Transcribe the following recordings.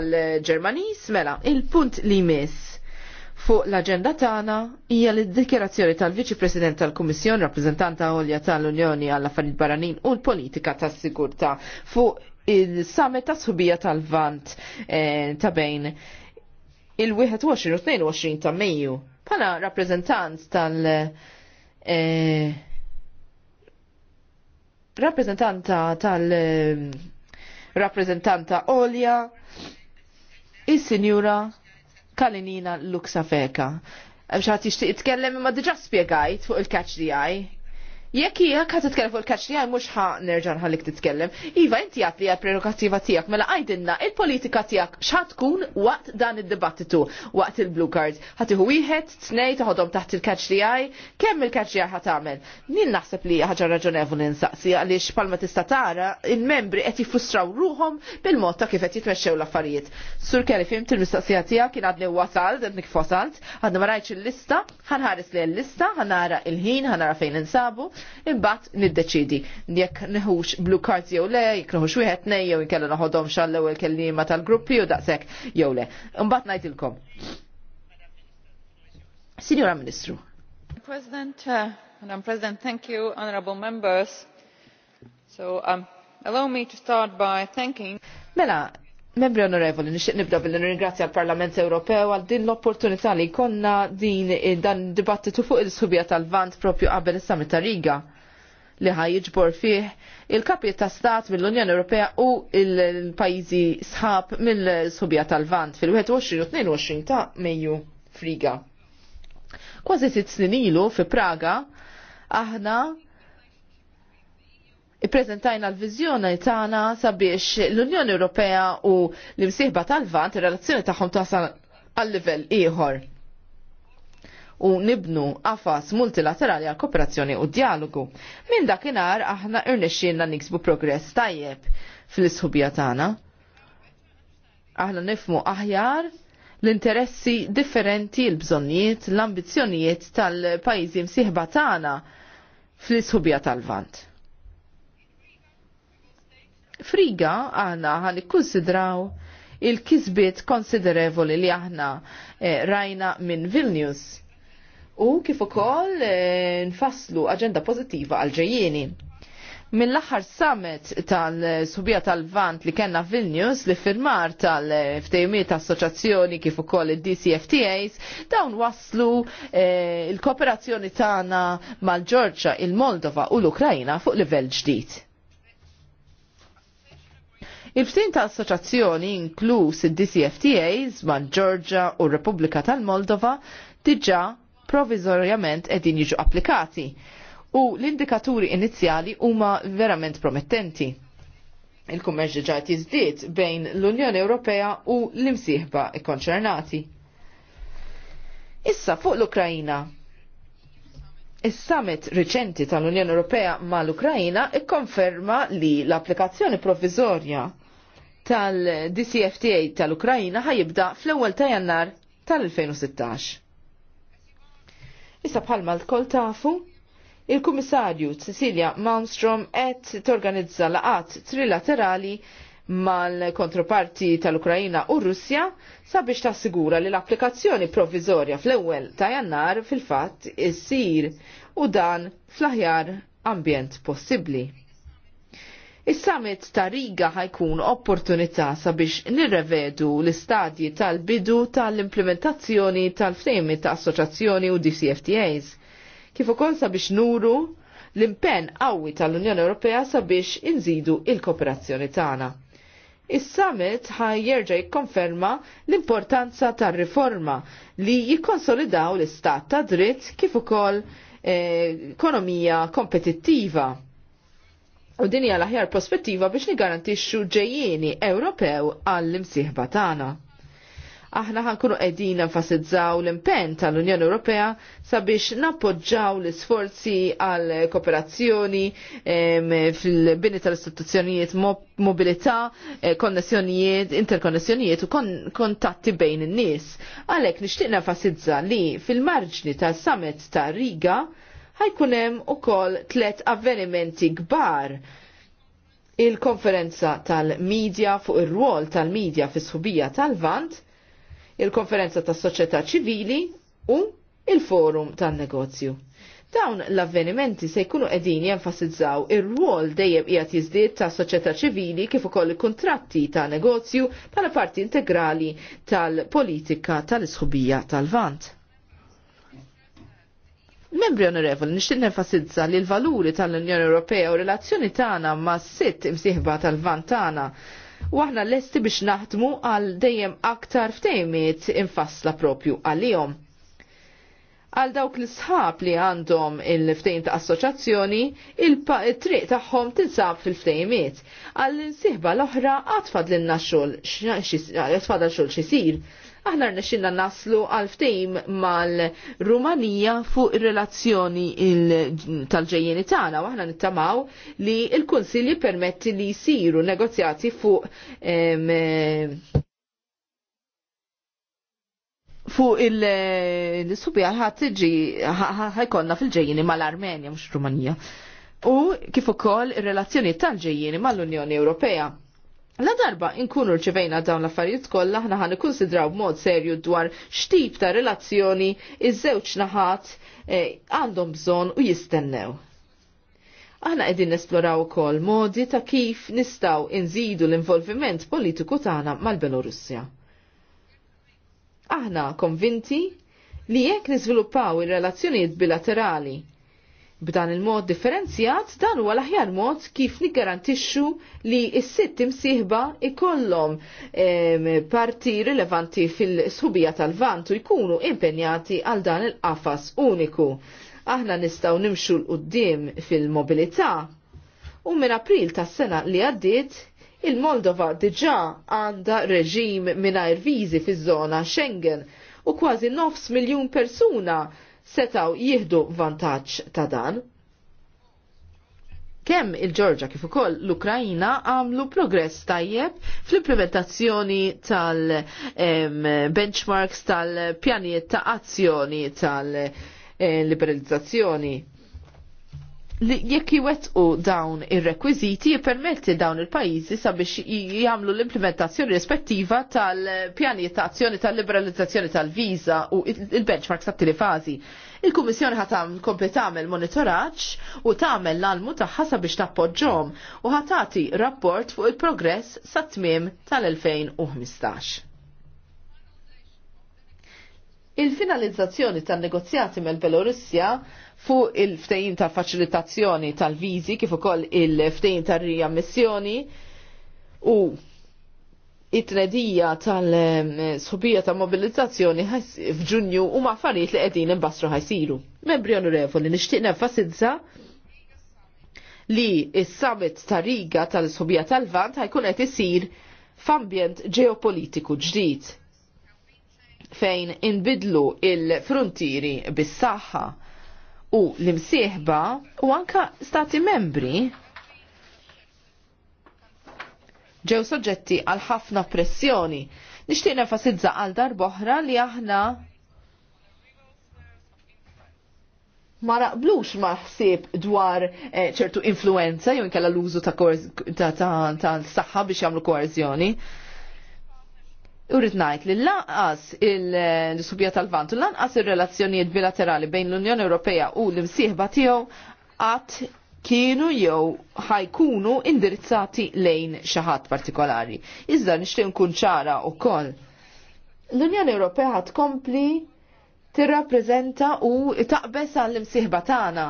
l-Ġermanis, mela, il-punt li mis fuq l-agenda tagħna hija l dikjerazzjoni tal-Viċi President tal-Kummissjoni Rappreżentanta għolja tal-Unjoni għall affarijiet Barranin u l-Politika tas-Sigurtà fuq il-Summit ta' Subija tal-Vant eh, ta' bejn il-21 u 22 ta' Mejju. Pana rappreżentant tal- eh, rappreżentanta tal- eh, rappreżentanta Olja il sinjura Kalinina Luxafeka, Għax ħat ixtiq itkellem imma diġa spiegajt fuq il-catch di għaj. Jekk hija ka titkellem fuq il-kaċ tiegħi mhux ħa nerġa' nħallik titkellem. Iva inti għad li prerogattiva tiegħek mela għajdinna il-politika tiegħek x'ha tkun waqt dan id-dibattitu waqt il-blue card. Ħad tieħu wieħed, tnejn toħodhom taħt il-kaċ tiegħi, kemm il-kaċ tiegħi ħad tagħmel. Nien naħseb li ħaġa raġunevu ninsaqsi għaliex palma tista' tara il-membri qed jiffustraw ruhom bil-mod ta' kif qed jitmexxew l-affarijiet. Sur Kelly fimt il-mistaqsija tiegħek kien għadni wasalt, għadni kif għadna ma rajtx il-lista, ħanħares li l-lista, ħanara il-ħin, ħanara fejn insabu, imbat niddeċidi jekk neħux blu cards jew le, jekk neħux wieħed nej jew inkella noħodhom xall-ewwel kelliema tal-gruppi u daqshekk jew le. Imbagħad ngħidilkom. Signora Ministru. President, uh, Madam President, thank you, honorable members. So, um, allow me to start by thanking. Mela, Membri onorevoli, nixtieq nibda billi nirringrazzja l-Parlament Ewropew għal din l-opportunità li konna din eh, dan dibattitu fuq il-subja tal-vant propju qabel is-summit ta' Riga li ħaj jiġbor fih il-kapi ta' stat mill-Unjoni Ewropea u il-pajjiżi sħab mill-subja tal-vant fil-21 u 22 ta' Mejju friga. Kważi sitt snin ilu fi Praga aħna ippreżentajna l-vizjoni tagħna sabiex l-Unjoni Ewropea u l-imsieħba tal-Vant ir-relazzjoni tagħhom tasal għal-livell ieħor u nibnu għafas multilaterali għal kooperazzjoni u dialogu. Minn dakinhar aħna irnexxielna niksbu progress tajjeb fl-isħubija tagħna. Aħna nifmu aħjar l-interessi differenti, l-bżonnijiet, l-ambizzjonijiet tal-pajjiżi msieħba tagħna fl-isħubija tal-Vant. Friga għana għan ikkonsidraw il-kizbit konsiderevoli li aħna eh, rajna minn Vilnius u kif ukoll eh, nfasslu aġenda pożittiva għal ġejjieni. Mill-aħħar summit tal-subija tal-vant li kena Vilnius li firmar tal-ftejmiet assoċazzjoni kif ukoll id-DCFTAs dawn waslu eh, il-kooperazzjoni tagħna mal-Ġorġa, il-Moldova u l-Ukrajna fuq livell ġdid Il-ftin ta' assoċazzjoni inkluż id-DCFTAs ma' Georgia u Repubblika tal-Moldova diġa provizorjament edin jiġu applikati u l-indikaturi inizjali huma verament promettenti. Il-kummerġ ġa jiżdied bejn l-Unjoni Ewropea u l-imsieħba ikkonċernati. Issa fuq l-Ukrajina, Is-summit riċenti tal-Unjoni Ewropea mal-Ukrajina ikkonferma li l-applikazzjoni provizorja tal-DCFTA tal-Ukrajina ħajibda fl-ewwel ta' jannar tal-2016. Issa bħalma l-kol tafu, il-Kummissarju Cecilia Malmstrom qed torganizza laqat trilaterali mal-kontroparti tal-Ukrajina u Russja sabiex tassigura li l-applikazzjoni provvizorja fl-ewwel ta' jannar fil-fatt issir u dan fl-aħjar ambjent possibbli. Is-summit ta' Riga ħajkun opportunità sabiex nirrevedu l-istadji tal-bidu tal-implementazzjoni tal-ftejmi ta' assoċazzjoni u DCFTAs. Kif ukoll sabiex nuru l-impenn qawwi tal-Unjoni Ewropea sabiex inżidu il-kooperazzjoni tagħna. Is-summit ħaj jerġa' jikkonferma l-importanza tar-riforma li jikkonsolidaw l-istat ta' dritt kif ukoll eh, ekonomija kompetittiva U din hija l-aħjar prospettiva biex nigarantixxu ġejjieni Ewropew għall-imsieħba tagħna. Aħna ħankunu qegħdin nfasizzaw l-impenn tal-Unjoni Ewropea sabiex nappoġġaw l-isforzi għal kooperazzjoni fil-bini tal-istituzzjonijiet mobilità, eh, konnessjonijiet, interkonnessjonijiet u kontatti bejn in-nies. Għalhekk nixtieq nenfasizza li fil-marġni tas-summit ta' Riga ħajkunem hemm ukoll tliet avvenimenti kbar il-konferenza tal-medja fuq ir-rwol tal-medja fis sħubija tal-Vant, il-konferenza tas-soċjetà ċivili u il-forum tan-negozju. Dawn l-avvenimenti se jkunu qegħdin jenfasizzaw ir-rwol dejjem qiegħed jiżdied ta' soċjetà ċivili kif ukoll il-kuntratti ta' negozju bħala parti integrali tal-politika tal-isħubija tal-Vant. Membri onorevoli, nixtieq nenfasizza li l-valuri tal-Unjoni Ewropea u relazzjoni tagħna ma' sitt imsieħba tal-vant tagħna u aħna lesti biex naħdmu għal dejjem aktar ftejmiet infassla propju għalihom għal dawk l-sħab li għandhom il ftejn ta' assoċazzjoni, il-triq tagħhom tinsab fil-ftejmiet. Għal l-insihba l-oħra għatfad l-inna xol, għatfad xol xisir. Aħna rnexxinna naslu għal ftejm mal-Rumanija fuq relazzjoni tal-ġejjeni tagħna u aħna nittamaw li l-Kunsill jippermetti li jsiru negozjati fuq fuq il-subja ħat tiġi ħajkonna fil-ġejjini mal-Armenja, mux Rumanija. U kif ukoll ir-relazzjoni tal-ġejjini mal-Unjoni Ewropea. La darba inkunu rċivejna dawn l-affarijiet kollha aħna ħan ikkunsidraw b'mod serju dwar x'tip ta' relazzjoni iż-żewġ naħat eh, għandhom bżonn u jistennew. Aħna qegħdin nesploraw ukoll modi ta' kif nistgħu inżidu l-involviment politiku tagħna mal-Belorussja. Aħna konvinti li jekk niżviluppaw ir-relazzjonijiet bilaterali B'dan il-mod differenzjat, dan huwa l-aħjar mod kif niggarantixxu li s-sitt imsieħba ikollhom ehm, parti rilevanti fil-sħubija tal-vant u jkunu impenjati għal dan il-qafas uniku. Aħna nistgħu nimxu l qudiem fil-mobilità. U minn April tas-sena li għaddiet Il-Moldova diġa għanda reġim mingħajr viżi fiż-żona Schengen u kważi nofs miljun persuna setaw jieħdu vantaġġ ta' dan. Kemm il-Ġorġa kif ukoll l-Ukrajna għamlu progress tajjeb fl-implementazzjoni tal-benchmarks tal-pjanijiet ta' azzjoni tal-liberalizzazzjoni li jekk jwettqu dawn ir-rekwiżiti jippermetti dawn il-pajjiżi sabiex jagħmlu l-implementazzjoni rispettiva tal-pjani ta' azzjoni tal-liberalizzazzjoni tal-viża u il-benchmark sa' tili fażi. Il-Kummissjoni ħat kompli tagħmel monitoraġġ u tagħmel l-almu tagħha sabiex tappoġġhom u ħatati rapport fuq il-progress sa' tmiem tal-2015. Il-finalizzazzjoni tan-negozjati mill belorussja fuq il ftejn ta' faċilitazzjoni tal-viżi kif ukoll il ftejn ta' riammissjoni u it-tnedija tal-sħubija ta' mobilizzazzjoni f'Ġunju u maffariet li qegħdin imbastru ħajsiru. Membri onorevoli, nixtieq nenfasizza li s-summit ta' Riga tal-sħubija tal-Vant ħajkun qed isir f'ambjent ġeopolitiku ġdid fejn inbidlu il-frontieri bis-saħħa u l-imsieħba u anka stati membri ġew soġġetti għal ħafna pressjoni. Nixtieq nenfasizza għal dar boħra li aħna ma naqblux ma ħsieb dwar eh, ċertu influenza jew inkella l-użu ta' ta' ta' saħħa biex jagħmlu koerzjoni. Urid ngħid li lanqas il-subja tal-vant u lanqas il-relazzjonijiet bilaterali bejn l-Unjoni Ewropea u l-imsieħba tiegħu għat kienu jew ħajkunu indirizzati lejn xi ħadd partikolari. Iżda nixtieq nkun ċara wkoll. L-Unjoni Ewropea tkompli tirrappreżenta u taqbes għall-imsieħba tagħna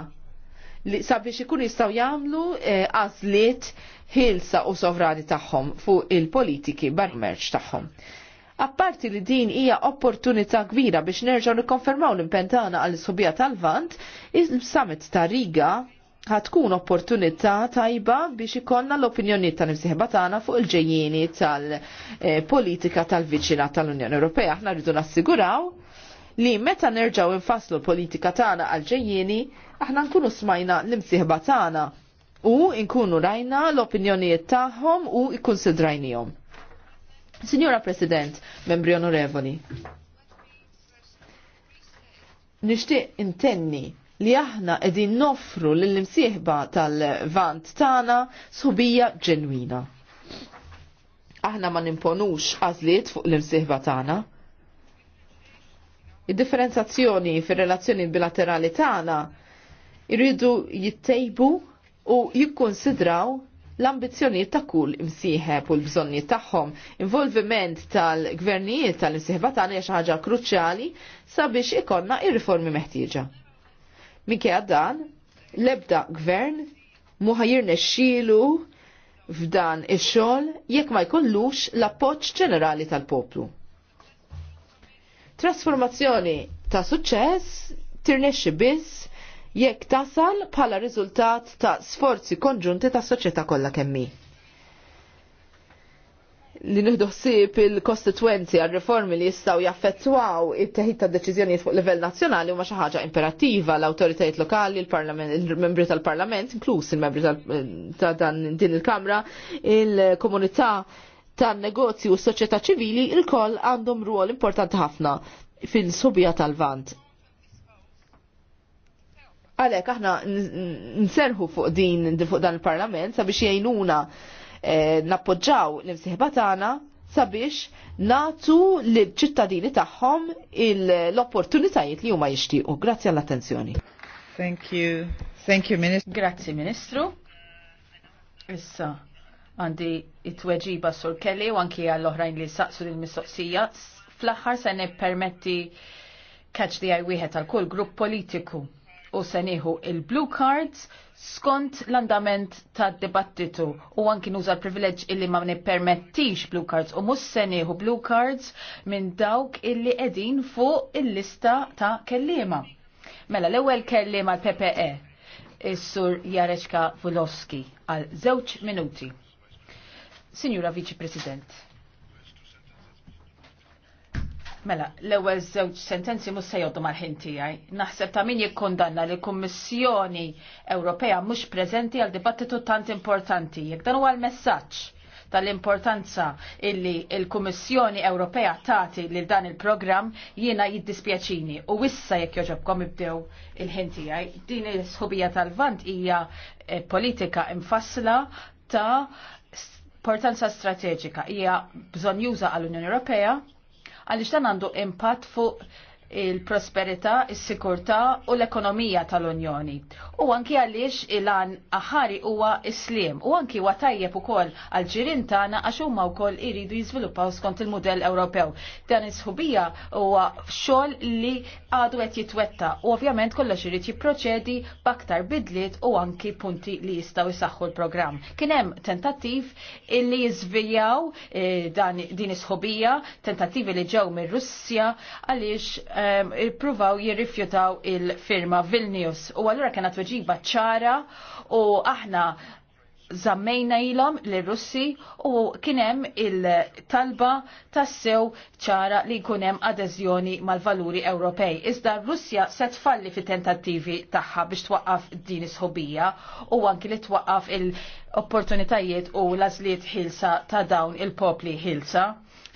li sabiex ikun jistgħu jagħmlu eh, għażliet ħilsa u sovrani tagħhom fuq il-politiki barmerġ tagħhom. Apparti li din hija opportunità kbira biex nerġgħu nikkonfermaw l-impentana għal subija tal-Vant, il-summit ta' Riga ħatkun opportunità tajba biex ikonna l-opinjoni ta' nifsiħba tagħna fuq il-ġejjieni tal-politika tal viċina tal-Unjoni Ewropea. Aħna rridu nassiguraw li meta nerġgħu infasslu l-politika tagħna għal ġejjieni, aħna nkunu smajna l-imsieħba tagħna u nkunu rajna l-opinjonijiet tagħhom u jkunsidrajniehom. Signora President, membri onorevoli, nishtiq intenni li aħna edin nofru l-imsieħba tal-vant tana subija ġenwina. Aħna ma nimponux għazliet fuq l-imsieħba tana. Id-differenzazzjoni fir relazzjoni bilaterali tana irridu jittejbu u jikkonsidraw l-ambizjoniet ta' kull imsieħeb u l-bżonniet tagħhom. Involviment tal-gvernijiet tal-imsieħba tagħna hija xi ħaġa kruċjali sabiex ikonna ir-riformi meħtieġa. Minkejja dan, l-ebda gvern muħajir nexxielu f'dan ix-xogħol jekk ma jkollux l-appoġġ ġenerali tal-poplu. Trasformazzjoni ta' suċċess tirnexxi biss jekk tasal bħala riżultat ta' sforzi konġunti ta' soċjetà kollha kemmi. Li nieħdu ħsieb il-kostituenzi għal riformi li jistgħu jaffettwaw it-teħid ta' deċiżjonijiet fuq livell nazzjonali huma xi ħaġa imperattiva l-awtoritajiet lokali, il-membri tal-Parlament, inkluż il-membri ta' dan din il-Kamra, il-komunità tan-negozju u s-soċjetà ċivili, il-koll għandhom ruol importanti ħafna fil-subja tal-vant Għalek, aħna nserħu fuq din, fuq dan il-parlament sabiex jgħinuna eh, nappoġġaw l imsieħba tagħna sabiex natu l-ċittadini tagħhom l-opportunitajiet li huma jixtiequ. Grazzi għall-attenzjoni. Thank you. Thank you, Minister. Grazzi, Ministru. Issa, għandi it-tweġiba sur Kelly u anki għall-oħrajn li saqsu l-mistoqsija. Fl-aħħar se permetti catch the eye wieħed għal kull grupp politiku u se nieħu il-blue cards skont l-andament tad dibattitu u anki nuża l-privileġġ illi ma nippermettix blue cards u mhux se nieħu blue cards minn dawk illi qegħdin fuq il-lista ta' kellima. Mela l-ewwel kellima l-PPE is-sur Jareċka Vulowski għal żewġ minuti. Signora Viċi President. Mela, l-ewwel żewġ sentenzi mhux se jgħoddu mal-ħin tiegħi. Naħseb ta' min jikkondanna li kummissjoni Ewropea mhux preżenti għal dibattitu tant importanti. Jekk dan huwa l-messaġġ tal-importanza illi l-Kummissjoni Ewropea tati lil dan il-programm jiena jiddispjaċini u wissa jekk joġobkom ibdew il-ħin tiegħi. Din il sħubija tal-vant hija eh, politika imfassla ta' importanza strateġika hija bżonn juża għall-Unjoni Ewropea għalix dan għandu impatt fuq il-prosperità, il-sikurta u l-ekonomija tal-Unjoni. U anki għaliex il-għan aħari huwa islim u anki huwa tajjeb ukoll għal ġirin tagħna għax huma wkoll iridu jiżviluppaw skont il-mudell Ewropew. Dan is u huwa xogħol li għadu għet jitwetta u ovvjament kollox irid jipproċedi b'aktar bidliet u anki punti li jistgħu jisaxħu l-programm. Kien hemm tentattiv illi jiżvijaw eh, dan din is-ħubija, tentattivi li ġew mir-Russja għaliex Ehm, ippruvaw jirrifjutaw il-firma Vilnius. U allura kienet weġiba ċara u aħna zammejna ilom l-Russi u kienem il-talba tassew ċara li kunem adeżjoni mal-valuri Ewropej. Iżda Russja se tfalli fit tentattivi tagħha biex twaqqaf din isħobija u anki li twaqqaf il-opportunitajiet u l-azliet ħilsa ta' dawn il-popli ħilsa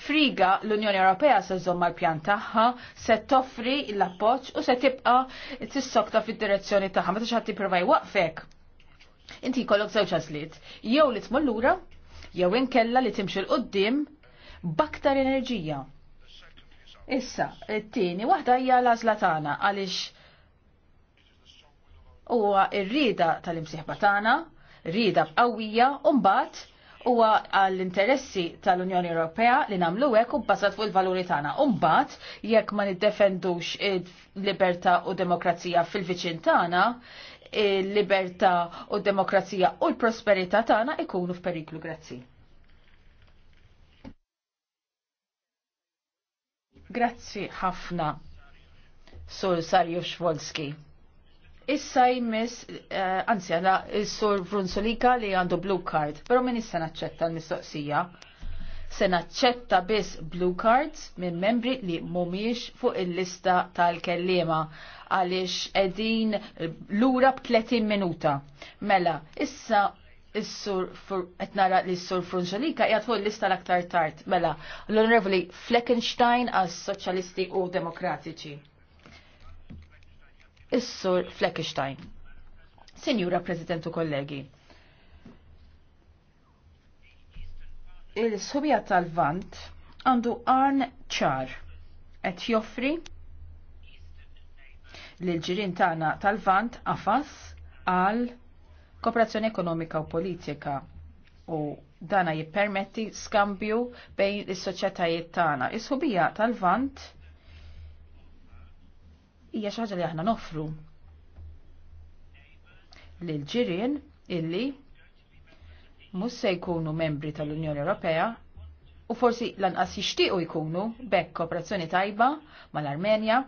friga l-Unjoni Ewropea se żomma l-pjan tagħha, se toffri l-appoġġ u se tibqa' tissokta fid-direzzjoni tagħha meta xi ħadd jipprova jwaqfek. Inti jkollok żewġ għażliet, jew li tmur lura, jew inkella li timxi l qudiem b'aktar enerġija. Issa, t-tieni waħda hija l-għażla tagħna għaliex huwa r-rieda tal-imsieħba tagħna, rieda b'qawwija u mbagħad huwa għall-interessi tal-Unjoni Ewropea li nagħmlu hekk u bbażat fuq il-valuri tagħna. Umbagħad jekk ma niddefendux il-libertà u demokrazija fil-viċin tagħna, il-libertà u demokrazija u l-prosperità tagħna ikunu f'periklu grazzi. Grazzi ħafna, Sur Sarju Wolski. Issa jmiss, eh, anzi għana il sur Brunsolika li għandu blue card, pero minn issa naċċetta l-mistoqsija. Se naċċetta biss blue cards minn membri li mumiex fuq il-lista tal-kellima għaliex edin l-ura b-30 minuta. Mela, issa is-sur etnara li s-sur Frunġolika jgħatħu l-lista l-aktar tard. Mela, l-onorevoli Fleckenstein għas-Soċjalisti u Demokratiċi is-Sur Fleckenstein. Sinjura Presidentu kollegi. Il-subja tal-Vant għandu arn ċar qed joffri l ġirien tagħna tal-Vant għafas għal kooperazzjoni ekonomika u politika u dana jippermetti skambju bejn is-soċjetajiet tagħna. Is-subija tal-Vant hija xi ħaġa li aħna nofru. lil ġirien illi mhux se jkunu membri tal-Unjoni Ewropea u forsi lanqas jixtiequ jkunu bekk kooperazzjoni tajba mal-Armenja,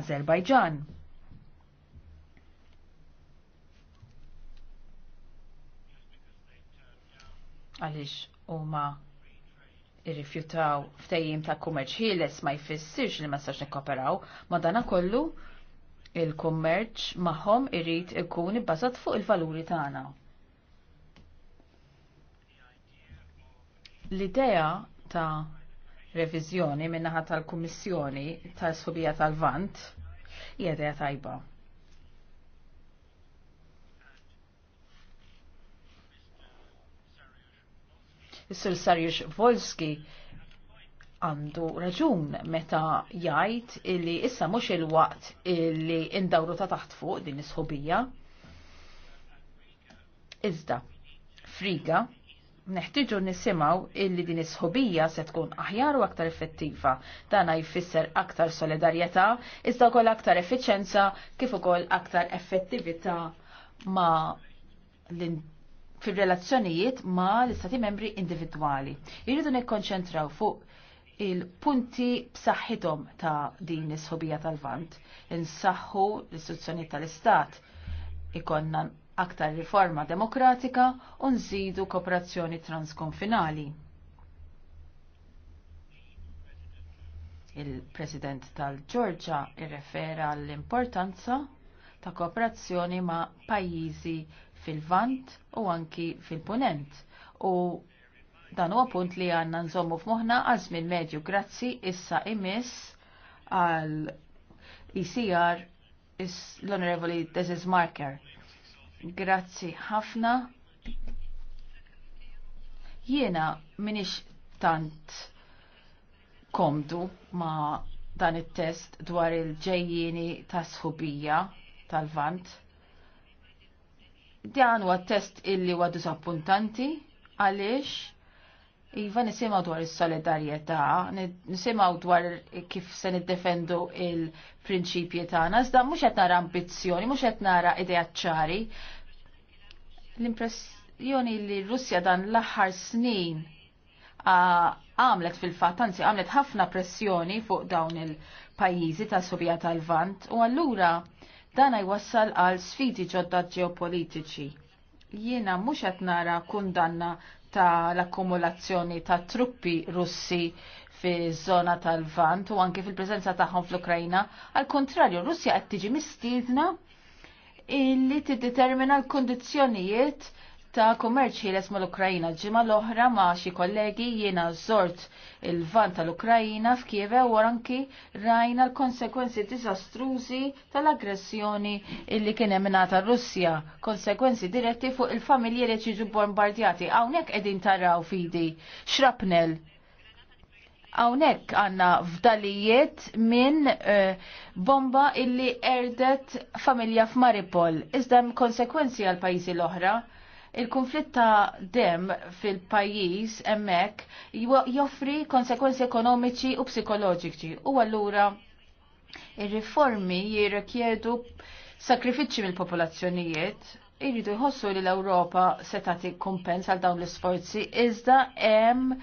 Azerbajġan. Għaliex huma irrifjutaw ftejjim ta' kummerċ ħieles ma jfissirx li ma sax nikkoperaw, ma dana kollu il-kummerċ magħhom irrit ikun ibbażat fuq il-valuri tagħna. L-idea ta' reviżjoni min-naħa tal-Kummissjoni tal-Subija tal-Vant hija idea tajba. Is-Sir Sarjux Volski għandu raġun meta jgħid illi issa mhux il-waqt illi indawru ta' taħt fuq din is-sħubija. Iżda, friga, neħtiġu nisimaw illi din is-sħubija se tkun aħjar u aktar effettiva. Dana jfisser aktar solidarjetà, iżda wkoll aktar effiċenza kif ukoll aktar effettività ma' l fil-relazzjonijiet ma l-istati membri individuali. Irridu nikkonċentraw fuq il-punti b'saħħithom ta' din is-ħobija tal-vant. Insaħħu l istituzzjonijiet tal-istat. Ikonna aktar riforma demokratika u nżidu kooperazzjoni transkonfinali. Il-President tal-Ġorġa irrefera l-importanza ta' kooperazzjoni ma' pajjiżi fil-vant u anki fil-punent. U dan huwa punt li għanna nżommu f'moħna għal medju. Grazzi issa imiss għal ICR e l-Onorevoli Desis Marker. Grazzi ħafna. Jiena minix tant komdu ma' dan it-test dwar il-ġejjini ta' sħubija tal-vant. Dan huwa test illi huwa disappuntanti għaliex Iva nisimaw dwar is-solidarjetà, nisimaw dwar kif se niddefendu il-prinċipji tagħna, iżda mhux qed nara ambizzjoni, mhux qed nara idea ċari. L-impressjoni li Russja dan l-aħħar snin għamlet fil-fatt, anzi għamlet ħafna pressjoni fuq dawn il-pajjiżi tas-Sovjet tal-Vant u allura Dan jwassal għal sfidi ġodda ġeopolitiċi. Jiena mhux qed nara kundanna ta' l-akkumulazzjoni ta' truppi russi fi zona tal-Vant u anke fil-preżenza tagħhom fl-Ukrajna. Al kontrarju, Russja qed tiġi mistiedna illi tiddetermina l-kondizzjonijiet ta' kummerċ ħieles mal-Ukrajina. Ġimma l-oħra ma' xi kollegi jiena żort il-van tal-Ukrajina f'Kieve u anki rajna l-konsekwenzi diżastrużi tal-aggressjoni illi kien hemm mingħata Russja, konsekwenzi diretti fuq il-familji li ġiġu bombardjati. Hawnhekk qegħdin taraw fidi xrapnel Hawnhekk għandna fdalijiet minn eh, bomba illi erdet familja f'Maripol. Iżda hemm konsekwenzi għal pajjiżi l-oħra Il-konflitt ta' dem fil-pajjiż hemmhekk joffri konsekwenzi ekonomiċi u psikoloġiċi u allura il riformi jirrikjedu sakrifiċċji mill-popolazzjonijiet irridu jħossu li l-Ewropa setati kompens għal dawn l-isforzi iżda hemm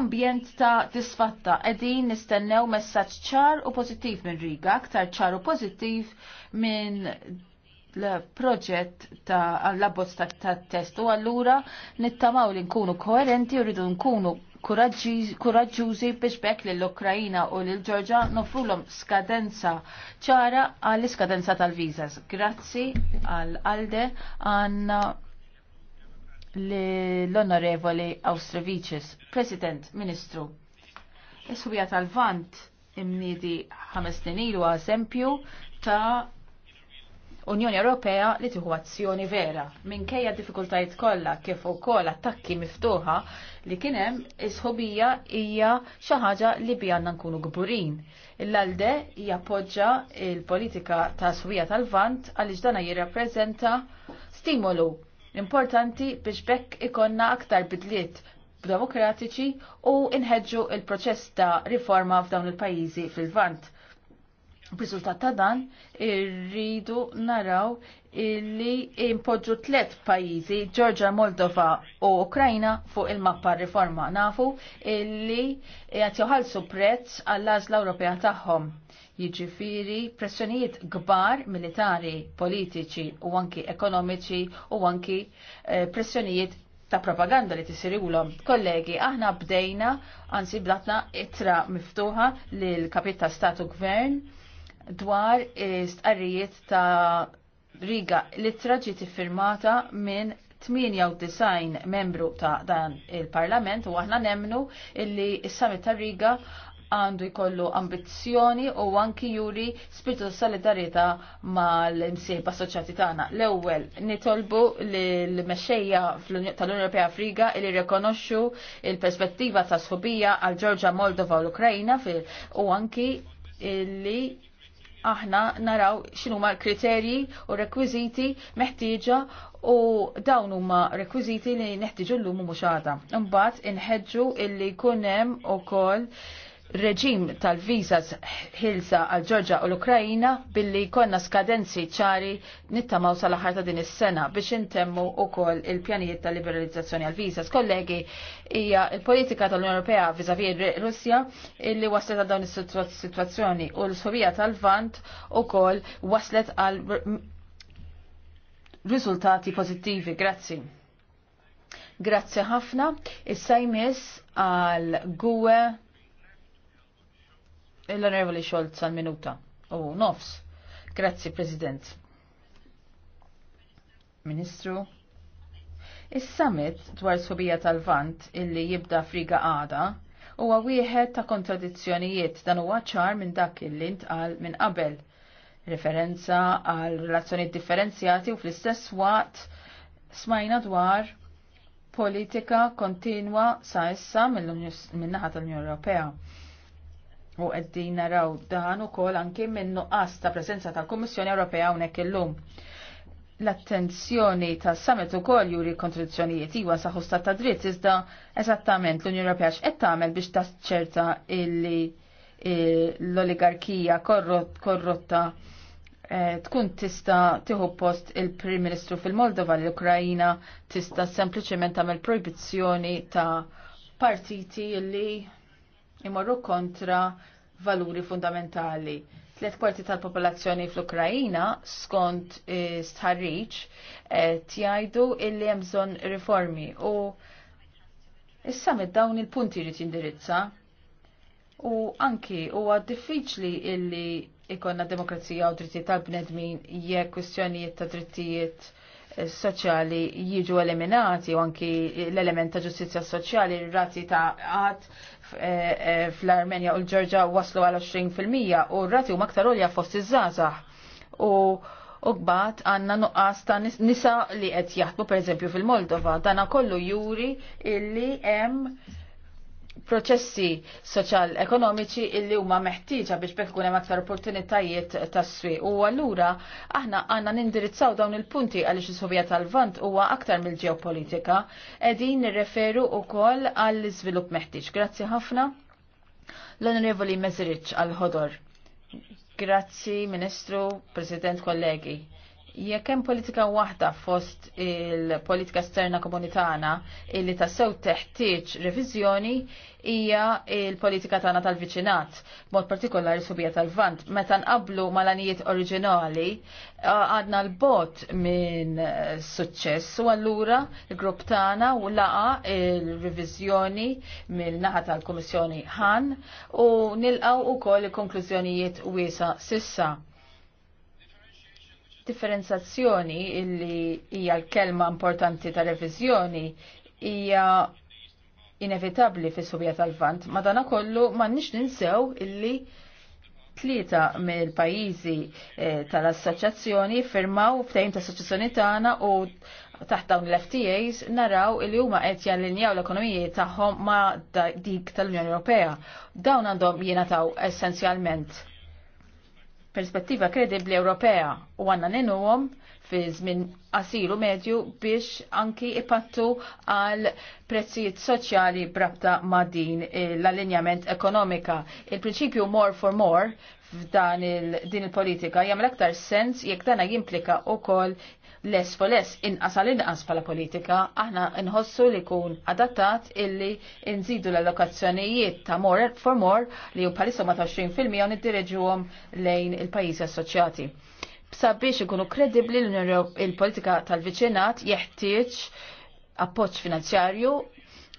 ambjent ta' tisfatta qegħdin nistennew messaġġ ċar u pozittiv minn Riga, aktar ċar u pozittiv minn l-proġett ta' l-abbozz ta' test u allura nittamaw li nkunu koerenti u rridu nkunu kuraġġużi biex bekk l ukraina u l-Ġorġa nofrulhom skadenza ċara għall-iskadenza tal-vizas. Grazzi għal-Alde għanna l-Onorevoli Austrovicis, President, Ministru. Is-subja tal-Vant imnidi ħames snin ilu eżempju ta' Unjoni Ewropea li tieħu azzjoni vera. Minkejja diffikultajiet kollha kif ukoll attakki miftuħa li kien hemm is-ħobija hija xi ħaġa li bi għandna nkunu gburin. L-alde jappoġġa il-politika ta' swija tal-vant għaliex dana jirrappreżenta stimolu importanti biex bekk ikonna aktar bidliet demokratiċi u inħedġu il-proċess ta' riforma f'dawn il-pajjiżi fil-vant. B'riżultat ta' dan irridu naraw illi impoġġu tlet pajjiżi, Georgia, Moldova u Ukrajna fuq il-mappa riforma. Nafu illi qed joħallsu prezz għall-għażla Ewropea tagħhom. Jiġifieri pressjonijiet kbar militari, politiċi u anki ekonomiċi u anki eh, pressjonijiet ta' propaganda li tisirilhom. Kollegi, aħna bdejna, anzi blatna itra miftuħa lil kapit statu gvern dwar stqarrijiet ta' Riga li traġiet firmata minn 98 membru ta' dan il-Parlament u aħna nemnu illi s-summit ta' Riga għandu jkollu ambizzjoni u anki juri spiritu solidarieta mal imsieb assoċjati tagħna. L-ewwel nitolbu l-mexxejja tal-Unjoni Ewropea Friga li rikonoxxu il-perspettiva ta' sħubija għal Ġorġa Moldova u l-Ukrajna u anki li aħna naraw xinu ma kriterji u rekwiziti meħtieġa u dawn huma rekwiziti li neħtieġu l-lum mhux għada. Imbagħad inħeġġu illi jkun hemm ukoll reġim tal-vizas ħilsa għal Ġorġa u l-Ukrajina billi konna skadenzi ċari nittamaw sal aħħar ta' din is-sena biex intemmu ukoll il-pjanijiet tal liberalizzazzjoni għal vizas. Kollegi, hija l-politika tal-Unjoni Ewropea viżavi Russja illi waslet għal dawn is-sitwazzjoni u l sovija tal-Vant ukoll waslet għal riżultati pożittivi. Grazzi. Grazzi ħafna. Issa jmiss għal Gue l-onorevoli Scholz għal minuta. U nofs. Grazzi, President. Ministru. Is-summit dwar subija tal-vant illi jibda friga għada huwa wieħed ta' kontradizzjonijiet dan huwa ċar minn dak illi intqal minn qabel. Referenza għal relazzjonijiet differenzjati u fl-istess waqt smajna dwar politika kontinwa sa' issa minn naħa tal-Unjoni Ewropea U għeddin naraw dan ukoll anke minnu nuqqas ta' prezenza tal-Kummissjoni Ewropea hawnhekk illum. L-attenzjoni tas summit ukoll juri kontrizzjonijiet iwa sa' ħostat ta' dritt iżda eżattament l-Unjoni Ewropea x'qed tagħmel biex taċċerta illi eh, l-oligarkija korrotta eh, tkun tista tiħu post il-Prim Ministru fil-Moldova l-Ukrajina tista sempliċement tagħmel proibizzjoni ta' partiti li imorru kontra valuri fundamentali. Tliet kwarti tal-popolazzjoni fl-Ukrajina skont eh, stħarriċ tjajdu illi hemm bżonn riformi u issa mid dawn il-punti jrid jindirizza u anki huwa diffiċli illi ikonna demokrazija u drittijiet tal-bnedmin jekk kwistjonijiet ta' drittijiet soċjali jiġu eliminati u anki l-element ta' ġustizja soċjali, r-rati ta' għat eh, eh, fl-Armenja u l-ġorġa waslu għal 20% u r-rati u maktar olja fost iż-żazax. U gbat għanna nuqqas ta' nisa li qed jaħdmu per fil-Moldova. Dana kollu juri illi hemm proċessi soċjal ekonomiċi illi huma meħtieġa biex bekk kunem hemm aktar opportunitajiet tas-swieq. U allura aħna għandna nindirizzaw dawn il-punti għaliex is-Sovjet tal-Vant huwa aktar mill-ġeopolitika qegħdin nirreferu wkoll għall-iżvilupp meħtieġ. Grazzi ħafna l-Onorevoli Meżriċ għal-ħodor. Grazzi, Ministru, President, kollegi. Jekk hemm politika waħda fost il-politika esterna komunitana illi tassew teħtieġ reviżjoni hija il-politika tagħna tal-viċinat, mod partikolari subija tal-vant. Meta nqablu mal-anijiet oriġinali għadna l-bot minn eh, suċċess u allura il-grupp tagħna u laqa il-reviżjoni mill-naħa tal-Kummissjoni Han u nilqaw ukoll il-konklużjonijiet wiesa sissa differenzazzjoni illi hija l-kelma importanti ta' reviżjoni hija inevitabli fis subja tal-vant. Madana kollu ma nix ninsew illi tlieta mill-pajjiżi eh, tal-assoċjazzjoni firmaw ftehim ta' assoċjazzjoni tagħna u taħt dawn l-FTAs naraw li huma qed jallinjaw l-ekonomiji tagħhom ma' dik tal-Unjoni Ewropea. Dawn għandhom jingħataw essenzjalment perspettiva kredibli Ewropea u għanna ninuhom fi żmien asilu medju biex anki ipattu għal prezzijiet soċjali brabta ma' din l-allinjament ekonomika. Il-prinċipju more for more f'dan il din il-politika jagħmel aktar sens jekk dana jimplika wkoll les foles inqas għal inqas pala politika, aħna nħossu li kun adattat illi nżidu l-allokazzjonijiet ta' more for more li hu palissa ma ta' 20% u niddireġuhom lejn il-pajjiżi assoċjati. Sabiex ikunu kredibli l-politika tal-viċinat jeħtieġ appoġġ finanzjarju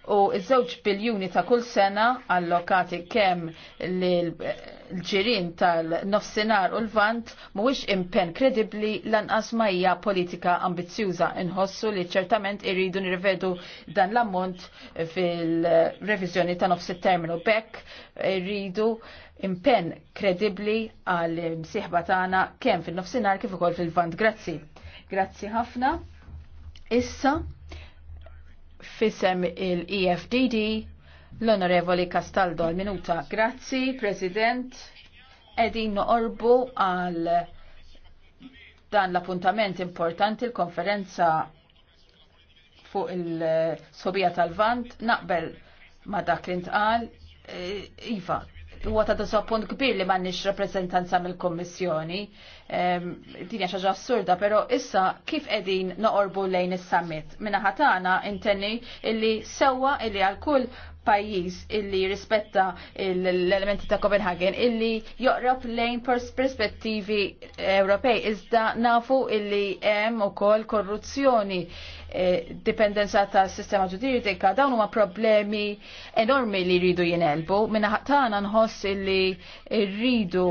u iż-żewġ biljuni ta' kull sena allokati kemm l-ġirin tal-nofsinar u l-vant mhuwiex impenn kredibbli lanqas ma hija politika ambizzjuża inħossu li ċertament irridu nirvedu dan l-ammont fil-reviżjoni ta' nofs terminu bekk iridu impenn kredibbli għal msieħba tagħna kemm fin-nofsinhar kif ukoll fil-vant. Grazzi. Grazzi ħafna. Issa Fissem il-EFDD l-Onorevoli Castaldo għal minuta. Grazzi, President. Edin noqorbu għal dan l-appuntament importanti l-konferenza fuq il-sobija tal-vant naqbel ma dak li ntqal. Eh, iva, huwa ta' punt kbir li m'għandniex rappreżentanza mill-Kommissjoni dinja xaġa assurda, pero issa kif edin noqorbu lejn is-summit. Minna ħatana intenni illi sewa illi għal kull pajjiż illi rispetta l-elementi ta' Copenhagen illi joqrab lejn perspettivi Ewropej iżda nafu illi hemm ukoll korruzzjoni eh, dipendenza ta' sistema ġudikatika dawn huma problemi enormi li rridu jinelbu minna ħatana nħoss illi rridu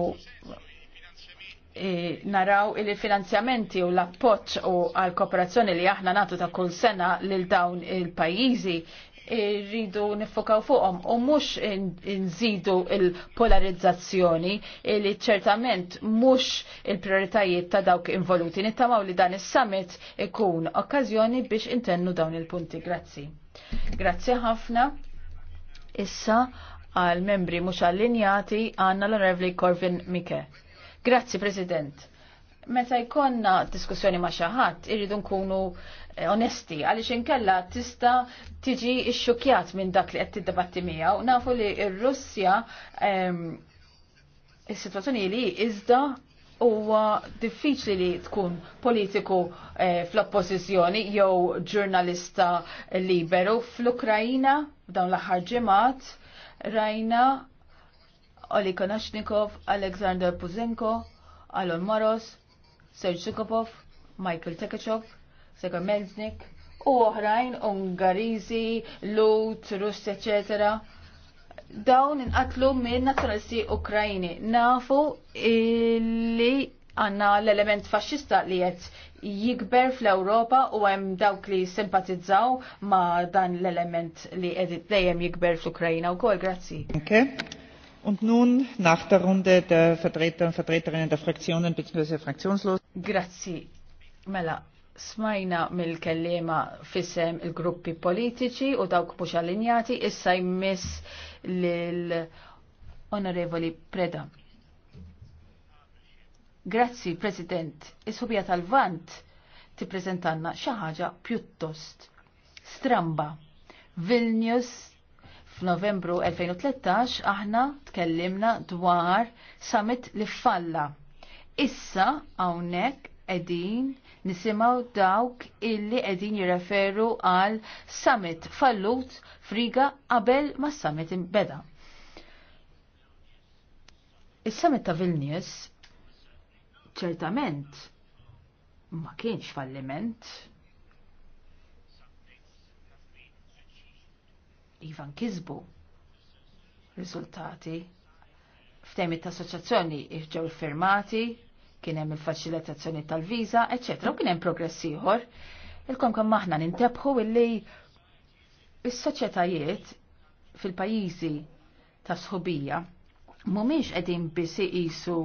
E, naraw il-finanzjamenti u l-appoċ u għal-kooperazzjoni li aħna natu ta' kull sena lil dawn il-pajjiżi e, rridu nifokaw fuqhom u mhux nżidu il-polarizzazzjoni e, li ċertament mhux il-prioritajiet ta' dawk involuti. Nittamaw li dan is-summit ikun okkażjoni biex intennu dawn il-punti. Grazzi. Grazzi ħafna. Issa għal membri mhux allinjati għandna l-Onorevli Corvin Mike. Grazzi, President. Meta jkonna diskussjoni ma' xaħat, irridu nkunu eh, onesti, għaliex inkella tista tiġi xxokjat minn dak li qed tiddebatti miegħu. Nafu li r-Russja ehm, il sitwazzjoni li iżda huwa diffiċli li tkun politiku eh, fl-oppożizzjoni jew ġurnalista liberu fl-Ukrajina dawn l-aħħar ġimgħat rajna Oli Konashnikov, Alexander Puzenko, Alon Maros, Serge Sukopov, Michael Tekachov, Sega Melznik, u oħrajn Ungarizi, Lut, Russi, etc. Dawn inqatlu minn nazzjonalisti Ukrajni. Nafu illi għanna l-element faxxista li jett jikber fl-Europa u hemm dawk li simpatizzaw ma dan l-element li qed dejjem jikber fl-Ukrajna wkoll. Grazzi. Okay. Und nun nach der Runde der Vertreter und Vertreterinnen der Fraktionen bzw. fraktionslos. Grazzi. Mela, smajna mill-kellima fissem il-gruppi politiċi u dawk mhux allinjati issa jmiss lil onorevoli Preda. Grazzi, President. Is-subja tal-Vant tippreżentanna xi ħaġa pjuttost stramba. Vilnius F'Novembru 2013 aħna tkellimna dwar summit li falla. Issa hawnhekk qegħdin nisimgħu dawk illi qegħdin jirreferu għal summit fallut friga qabel ma summit inbeda. Is-summit ta' Vilnius ċertament ma kienx falliment, Ivan kizbu riżultati f'temi ta' assoċjazzjoni ġew firmati, kien hemm il-faċilitazzjoni tal-viża, eċetera, u kien hemm progress ieħor. Ilkom kemm aħna nintebħu illi is-soċjetajiet fil-pajjiżi ta' sħobija mhumiex qegħdin biss iqisu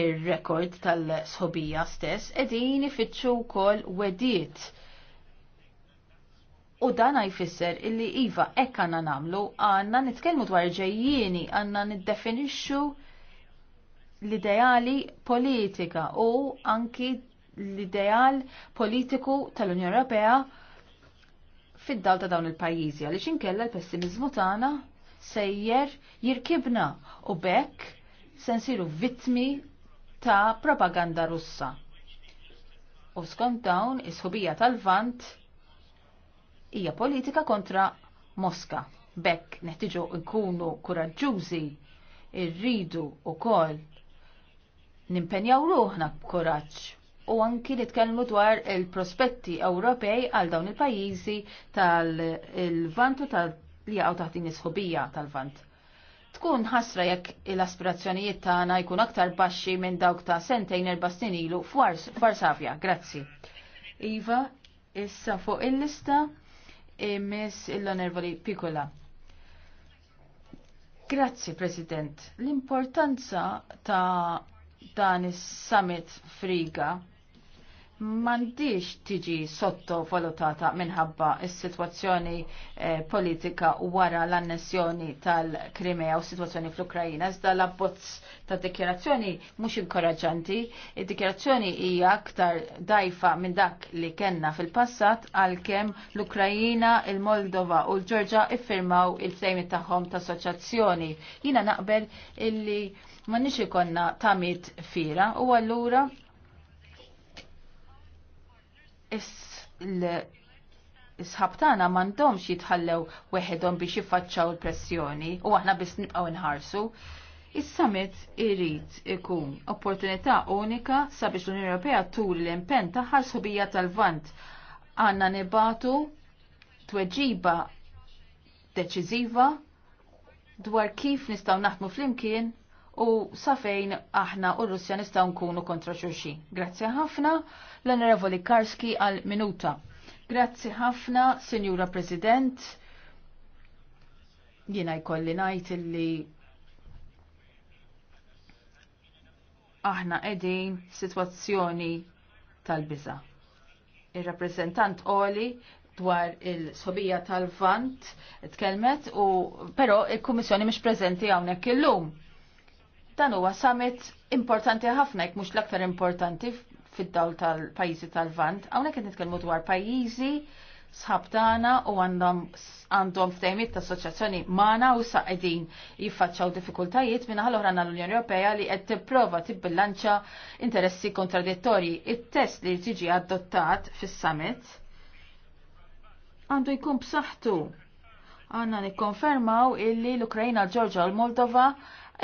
ir rekord tal-sħobija stess, qegħdin ifittxu wkoll wedijiet. U dan jfisser illi Iva ekk għanna namlu għanna nitkelmu dwar ġejjieni għanna niddefinixxu l-ideali politika u anki l-ideal politiku tal-Unjoni Ewropea fid-dal ta' dawn il-pajjiżi għaliex inkella l-pessimizmu tagħna sejjer jirkibna u bekk se nsiru vittmi ta' propaganda russa. U skont dawn is-ħubija tal-vant hija politika kontra Moska. Bekk neħtiġu nkunu kuraġġużi, irridu wkoll nimpenjaw ruħna b'kuraġġ u anki nitkellmu dwar il-prospetti Ewropej għal dawn il-pajjiżi tal-vantu tal li għaw taħt nisħobija tal-vant. Tkun ħasra jekk l-aspirazzjonijiet tagħna jkun aktar baxxi minn dawk ta' sentejn erba' snin ilu f'Varsavja. Grazzi. Iva, issa fuq il-lista Miss l onervoli Pikola. Grazzi, President. L-importanza ta' dan is-summit friga mandiġ tiġi sottovalutata minħabba s-situazzjoni eh, politika wara l-annessjoni tal-Krimea u s-situazzjoni fl-Ukrajina. Iżda l-abbozz ta' dikjerazzjoni mhux inkoraġanti. Id-dikjerazzjoni hija aktar dajfa minn dak li kenna fil-passat għalkemm l-Ukrajina, il-Moldova u l-Ġorġa iffirmaw il sejmi tagħhom ta' assoċjazzjoni. Jina naqbel illi ma nix ikonna tamit fira u allura is-sħab tagħna m'għandhomx jitħallew weħedhom biex jiffaċċaw il-pressjoni u aħna biss nibqgħu nħarsu. Is-summit irid ikun opportunità unika sabiex l-Unjoni Ewropea tul l-impenn taħħar sobija tal-vant għandna nibatu tweġiba deċiżiva dwar kif nistgħu naħdmu flimkien u safejn aħna u r Russja nistgħu nkunu kontra xulxin. Grazzi ħafna l-Onorevoli Karski għal minuta. Grazzi ħafna, Sinjura President. Jiena jkolli ngħid illi aħna qegħdin sitwazzjoni tal-biża. Ir-rappreżentant Oli dwar il-sobija tal-vant tkellmet u però il-Kummissjoni mhix preżenti hawnhekk illum. Dan huwa summit importanti ħafna jekk mhux l-aktar importanti fid-dawl tal-pajjiżi tal-Vant. Hawnhekk qed nitkellmu dwar pajjiżi sħab tagħna u għandhom għandhom ta' assoċjazzjoni Mana u saqedin qegħdin jiffaċċaw diffikultajiet minna ħal oħra l-Unjoni Ewropea li qed tipprova tibbilanċa interessi kontradittorji. It-test li tiġi adottat fis-summit għandu jkun b'saħħtu għanna nikkonfermaw illi l-Ukrajna, l-Ġorġa u l-Moldova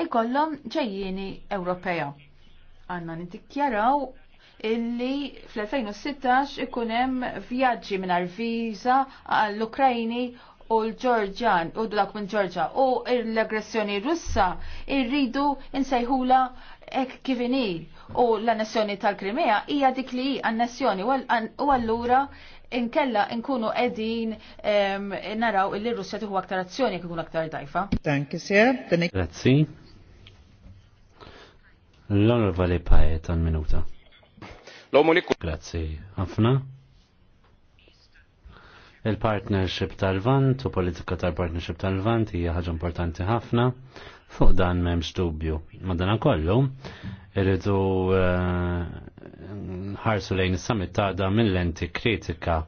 jkollhom ġejjieni Ewropea. Għanna nitikjaraw illi fl-2016 ikunem vjaġġi minn viza għall-Ukrajni u l-Ġorġan u dak minn Ġorġa u l-aggressjoni russa irridu insejħula ek kivini u l-annessjoni tal-Krimea hija dik li annessjoni u allura inkella inkunu edin naraw illi Russja tuħu aktar azzjoni jekk ikun aktar dajfa. Danke sehr. Grazzi. L-onorvali pajet għal minuta. L-omuniku. Grazzi. Ħafna. Il-partnership tal-Vant u politika tal-partnership tal-Vant hija ħaġa importanti ħafna fuq dan m'hemmx dubju. Madana kollu, irridu eh, ħarsu lejn is-summit tada mill-lenti kritika.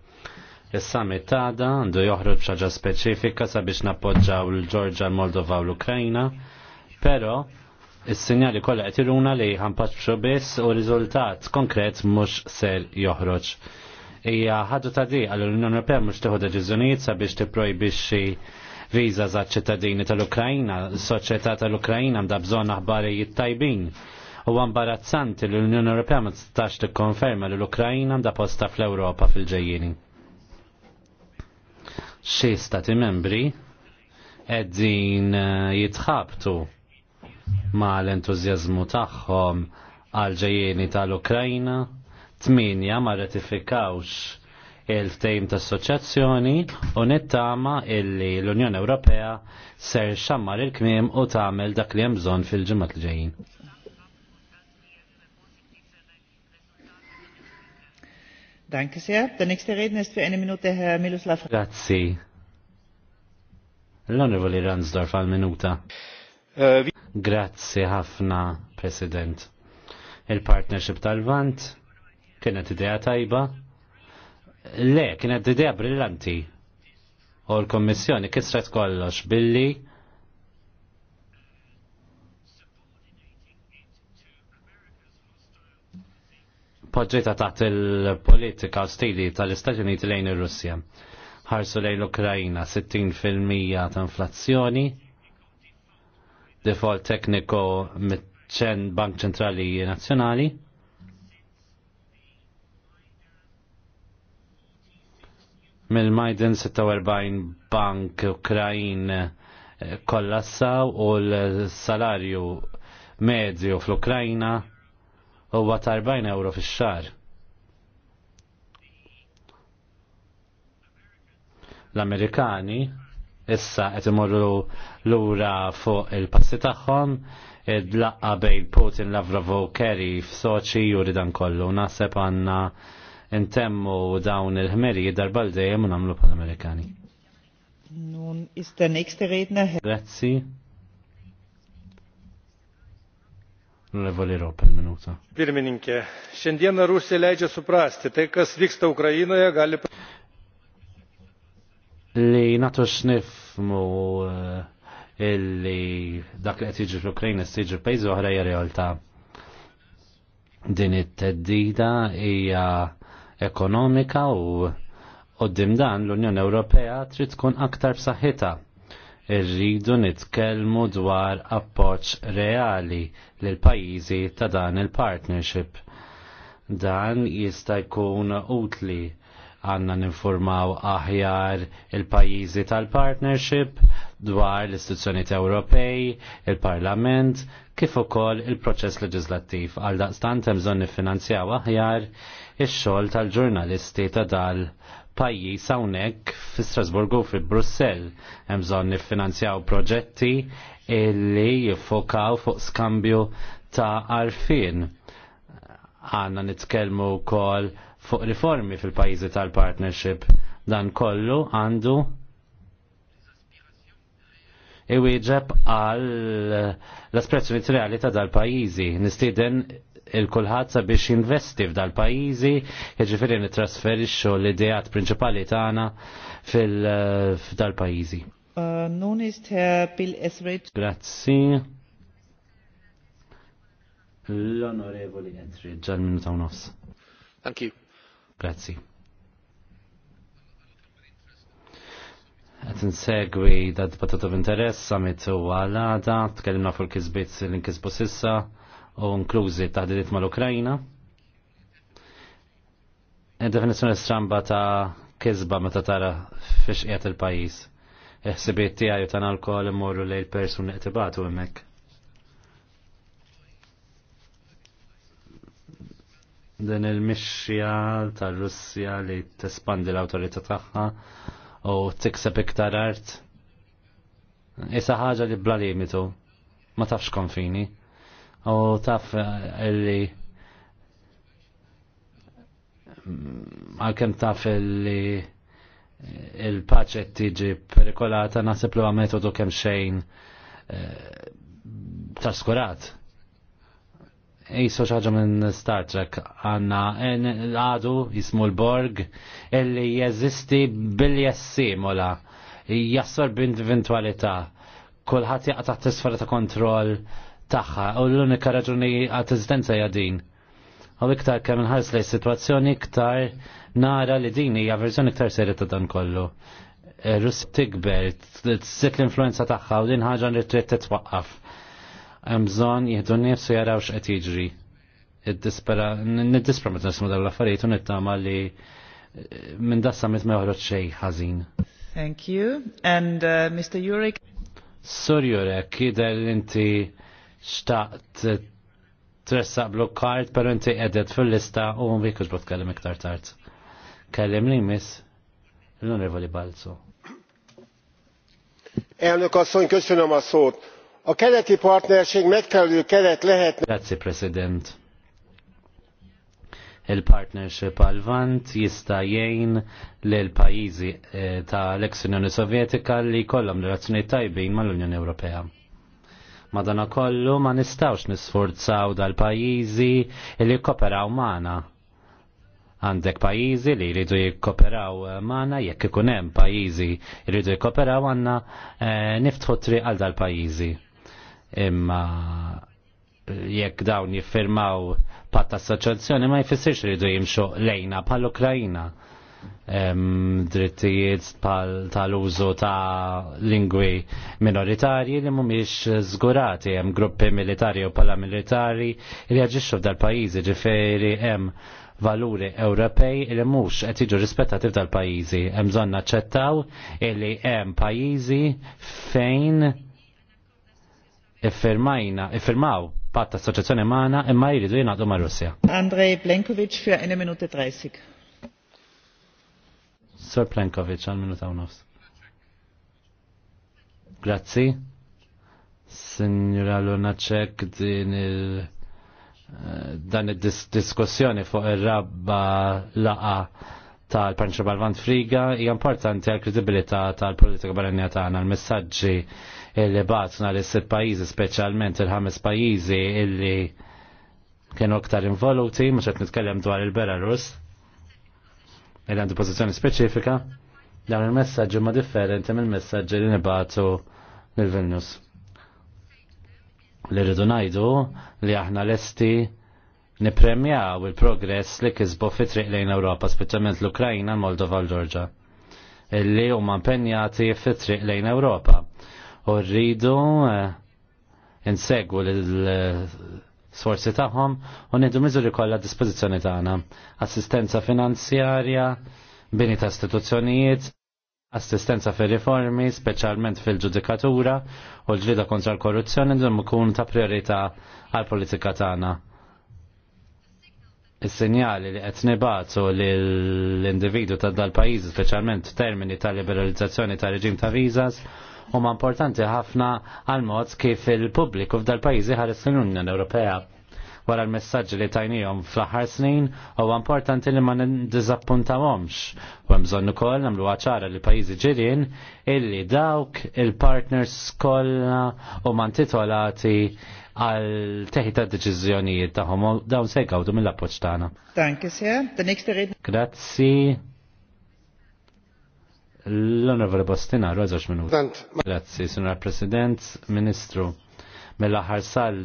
Is-summit tada għandu joħroġ ħaġa speċifika sabiex nappoġġaw l-Ġorġa, l-Moldova u l-Ukrajna, pero. Is-sinjali kollha qed iruna li ħampaċċu biss u riżultat konkret mhux ser joħroġ. Hija ħadu ta' di għal l-Unjoni Ewropea mhux tieħu deċiżjonijiet sabiex xi viża za ċittadini tal-Ukrajna, s-soċjetà tal-Ukrajna mda bżonn aħbarijiet tajbin. U imbarazzanti li l-Unjoni Ewropea ma tistax tikkonferma li l-Ukrajna għandha posta fl-Ewropa fil-ġejjieni. Xi stati membri qegħdin eh, jitħabtu ma' l-entużjażmu tagħhom għal ġejjeni tal-Ukrajna, tminja ma ratifikawx il-ftejm ta' assoċjazzjoni u nittama illi l-Unjoni Ewropea ser xammar il-kmim u tagħmel dak li hemm bżonn fil-ġimgħat li ġejjin. Danke sehr. Der nächste Redner ist für eine Minute Herr Miloslav. Grazie. L-Onorevoli Ransdorf għal minuta. Eh, Grazzi ħafna, President. Il-partnership tal-Vant kienet idea tajba. Le, kienet idea brillanti. U l-Kommissjoni kisret kollox billi poġġita taħt il-politika ostili tal-Istati Uniti lejn ir-Russja. Ħarsu lejn l-Ukrajna 60% ta' inflazzjoni, default tekniku mit-ċen Bank Ċentrali Nazzjonali. Mill-Majden 46 bank Ukrajin eh, kollassaw u l-salarju medju fl-Ukrajna huwa 40 euro fix-xar. l-Amerikani issa qed imorru lura fuq il-passi tagħhom id-laqqa bejn Putin Lavrov u Kerry f'Soċi juri dan kollu. Naħseb għandna intemmu dawn il-ħmeri l dejjem u nagħmlu pal-Amerikani. Nun is der nächste Redner Grazzi. L-Evoli Ropa, minuta. Pirmininkė, šiandieną Rusija leidžia suprasti, tai kas vyksta Ukrainoje gali li natu mu eh, illi dak li qed l ukrajna s-siġi pejzu oħra hija realtà. Din it-teddida hija ekonomika u għoddim dan l-Unjoni Ewropea trid tkun aktar b'saħħitha. Irridu nitkellmu dwar appoġġ reali l pajjiżi ta' dan il-partnership. Dan jista' jkun utli għanna ninformaw aħjar il-pajizi tal-partnership dwar l istituzzjonijiet Ewropej, il-Parlament, kif ukoll il-proċess leġislattiv għal daqstant hemm bżonn niffinanzjaw aħjar ix-xogħol tal-ġurnalisti ta' dal pajjiż hawnhekk fi Strasburgu fi Brussell hemm bżonn niffinanzjaw proġetti illi jiffokaw fuq skambju ta' arfin. Għanna nitkellmu wkoll fuq riformi fil-pajjiżi tal-partnership dan kollu għandu iwieġeb għal l-espressjoni reali ta' dal-pajjiżi. Nistiden il-kulħadd sabiex jinvesti f'dal-pajjiżi, jiġifieri nitrasferixxu l-ideat prinċipali tagħna fil-dal-pajjiżi. Uh, nun Bill Esrich. Grazzi. L-Onorevoli Esrich, ġal minuta u nofs. Thank you. Grazzi. Għet nsegwi da of b'interess, summit u għalada, tkellimna fuq il-kizbit l-inkizbu sissa u inklużi taħdidiet mal-Ukrajna. Definizjoni stramba ta' kizba meta tara fiex qiegħed il-pajjiż. Eħsibiet tiegħi u tan alkohol immorru lejl persuni qed ibatu hemmhekk. din il-mixja tal russja li t-espandi l autorita tagħha u tikseb iktar art. Issa ħaġa li bla limitu, ma tafx konfini. U taf eh, illi mm, għalkem taf illi il paċet tiġi perikolata naħseb li metodu kemm xejn eh, taskurat jisu xaġa minn Star Trek għanna għadu jismu l-Borg illi jeżisti bil-jessimula jassor b'individualità kulħadd jaqa' t tisfera ta' kontroll tagħha u l-unika raġuni għat eżistenza hija din. U iktar kemm inħares li sitwazzjoni iktar nara li din hija verżjoni iktar serja ta' dan kollu. R-Rus tikber, tsit l-influenza tagħha u din ħaġa li t titwaqqaf hemm bżonn jieħdu nnifsu jaraw x'qed jiġri. dispera ma nisma' dawn l-affarijiet u nittama li eh, minn da summit ma joħroġ xejn ħażin. Thank you. And uh, Mr. Jurek? Sur Jurek, jidher inti xtaqt tressaq kart, pero inti edet fil-lista u um, mbikux bot kellim iktar tard. Kellim li miss l-onorevoli Balzo. Elnök asszony, köszönöm a szót a keleti partnerség megfelelő keret lehet. Grazie, President. Il-partnership għal-Vant jista' jgħin lil pajjiżi eh, ta' l-ex-Unjoni Sovjetika li kollhom relazzjonijiet tajbin mal-Unjoni Ewropea. Madana kollu ma nistawx nisforzaw dal-pajjiżi li koperaw magħna għandek pajizi li jridu jikkoperaw eh, mana jekk ikun hemm pajizi jridu jikkoperaw għanna eh, niftħu tri għal dal-pajizi imma jekk dawn jiffirmaw patt assoċjazzjoni ma jfissirx li jdu jimxu lejna bħal Ukrajina drittijiet tal-użu ta' lingwi minoritarji li mhumiex żgurati hemm gruppi militari u paramilitari li jaġixxu f'dal-pajjiżi ġifieri hemm valuri Ewropej li mhux qed jiġu rispettati f'dal-pajjiżi. Hemm bżonn naċċettaw li hemm pajjiżi fejn iffirmajna, iffirmaw patt ta' assoċjazzjoni magħna imma jridu jinaqdu ma' Russja. Andrej Plenkovic fi 1 minuti 30. Sir Plenkovic għal minuta u nofs. Grazzi. Signora Lunacek din il- eh, dan il diskussjoni fuq ir-rabba laqa tal-Panċa Balvant Friga hija importanti għal kredibilità tal-politika barranija tagħna, l-messaġġi illi batna li sitt pajjiżi speċjalment il-ħames pajjiżi illi kienu aktar involuti, mhux qed nitkellem dwar il-Belarus, illi għandu pożizzjoni speċifika, dan il messaġġi ma differenti mill messaġġi li nibatu mill-Vilnius. Li rridu ngħidu li aħna lesti nipremjaw il-progress li kisbu fi triq lejn Ewropa, speċjalment l-Ukrajna, l-Moldova u l-Ġorġa, illi huma impenjati fi triq lejn Ewropa u rridu eh, insegwu l-sforzi tagħhom u nidu miżuri kollha dispożizzjoni tagħna. Assistenza finanzjarja, bini ta' istituzzjonijiet, assistenza fil riformi speċjalment fil-ġudikatura u l-ġlida kontra l-korruzzjoni dum ikun ta' priorità għal-politika tagħna. Is-sinjali li qed nibatu lill individu ta' dal-pajjiż speċjalment termini ta' liberalizzazzjoni ta' reġim ta' vizas, huma importanti ħafna għal mod kif il-pubbliku f'dal pajjiżi ħares l-Unjoni Ewropea wara l messaġġ li tajniehom fl-aħħar snin huwa importanti li ma ndiżappuntawhomx. U hemm bżonn ukoll nagħmlu ċara li pajjiżi ġirien illi dawk il-partners kollha huma ntitolati għal teħita deċiżjonijiet tagħhom dawn se jgawdu mill-appoġġ tagħna. Danke sehr. The next Grazzi. L-Onorevole Bostina, rożoċ minut. Grazzi, Signor President, Ministru. Mill-aħħar sal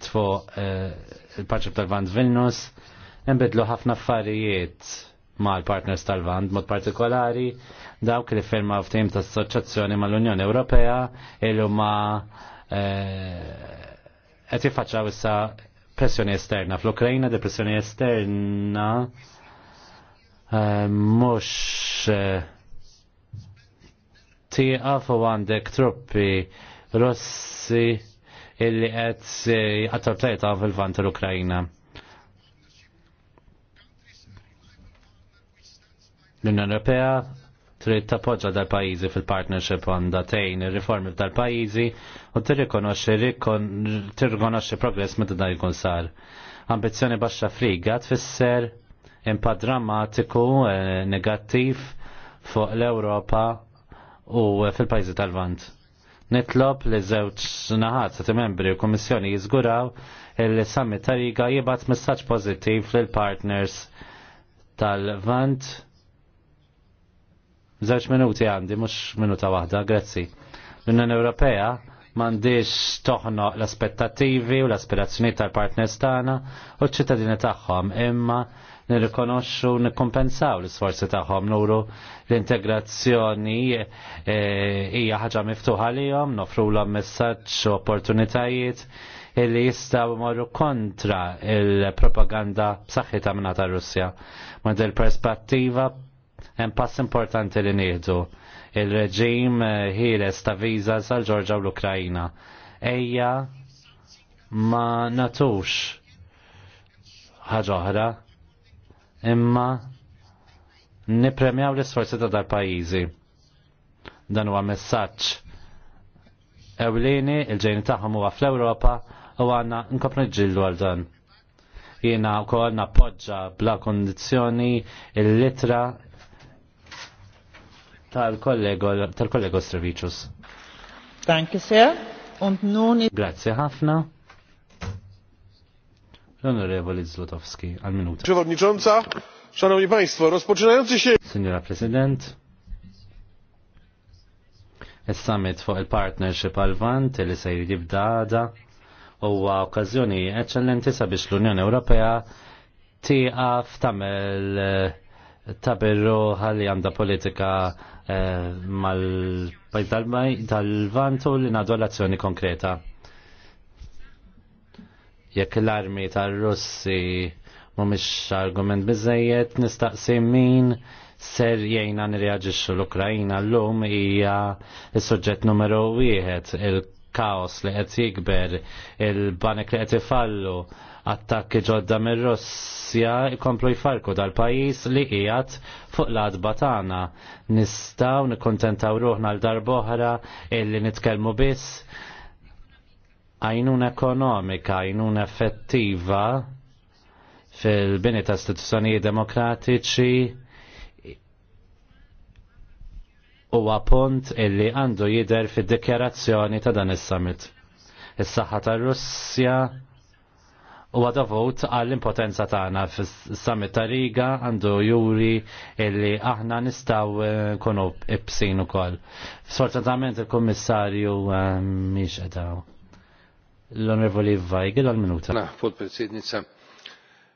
tfo eh, il-Paċib tal-Vand Vilnus, nbidlu ħafna affarijiet ma' l-partners tal-Vand, mod partikolari dawk li firma f'tim ta' assoċjazzjoni ma' l-Unjoni Ewropea illu ma' eh, qed jiffaċċaw issa pressjoni esterna. Fl-Ukrajna depressjoni esterna eh, mhux tieqaf u għandek truppi Russi illi qed jqattortajta fil-vant l ukrajina L-Unjoni Ewropea trid tappoġġa dal-pajjiżi fil-partnership għandha tejn ir-riformi tal pajjiżi u tirrikonoxxi tirrikonoxxi progress meta dan jkun sar. Ambizzjoni baxxa friga tfisser impatt drammatiku eh, negattiv fuq l-Ewropa u fil-pajzi tal-vant. Nitlob li żewġ naħat ta' membri u komissjoni jiżguraw il-summit tariga jibat messaġġ pożittiv lil partners tal-vant. Żewġ minuti għandi, mhux minuta waħda, grazzi. L-Unjoni Ewropea mandiġ toħno l-aspettativi u l-aspirazzjoni tal-partners tagħna u ċ-ċittadini tagħhom imma nirrikonoxxu nikkompensaw l-isforzi tagħhom nuru l-integrazzjoni eh, hija ħaġa miftuħa lihom, nofrulhom messaġġ u opportunitajiet illi jistaw morru kontra il-propaganda b'saħħitha minn ta' Russja. Ma il perspettiva hemm pass importanti li nieħdu il-reġim eh, ħieles ta' viża sal ġorġa u l-Ukrajna. Ejja ma natux ħaġa oħra imma nipremjaw l-isforzi ta' dar pajjiżi. Dan huwa messaġġ ewlieni il-ġejni tagħhom huwa fl-Ewropa u għanna nkomplu ġillu għal dan. Jiena wkoll nappoġġa bla kondizzjoni il-litra tal-kollego tal Strevicius. Danke sehr. Und nun Grazie ħafna l-Onorevoli Zlotowski, għal minuta. Przewodnicząca, Szanowni Państwo, rozpoczynający się... Signora Prezydent, il-summit fuq il-partnership għal-vant li se jibda għada huwa okkażjoni eċċellenti sabiex l-Unjoni Ewropea tieqaf tamel eh, tabirru ħalli għandha politika eh, mal pajt tal vantu li li ngħadu azzjoni konkreta jekk l-armi tal-Russi mhumiex argument biżejjed nistaqsi min ser jgħina nirreaġixxu l-Ukrajna llum hija s-suġġett numero wieħed il-kaos li qed jikber, il-banek li qed ifallu, attakki ġodda mir russja jkomplu jfarku dal-pajis li qiegħed fuq l-adba tagħna. Nistgħu nikkuntentaw ruħna l darboħra illi nitkellmu biss għajnuna ekonomika, għajnun effettiva fil-bini ta' istituzzjonijiet demokratiċi huwa punt illi għandu jider fid-dikjarazzjoni ta' dan is-summit. Is-saħħa tar-Russja huwa għadavut għall-impotenza tagħna fis-summit ta' Riga għandu juri illi aħna nistgħu eh, nkunu ibsin ukoll. Sfortunatament il-Kummissarju eh, mhix edaw. L-Onorevoli Vajgil għal-minuta. Na, fuq presidnica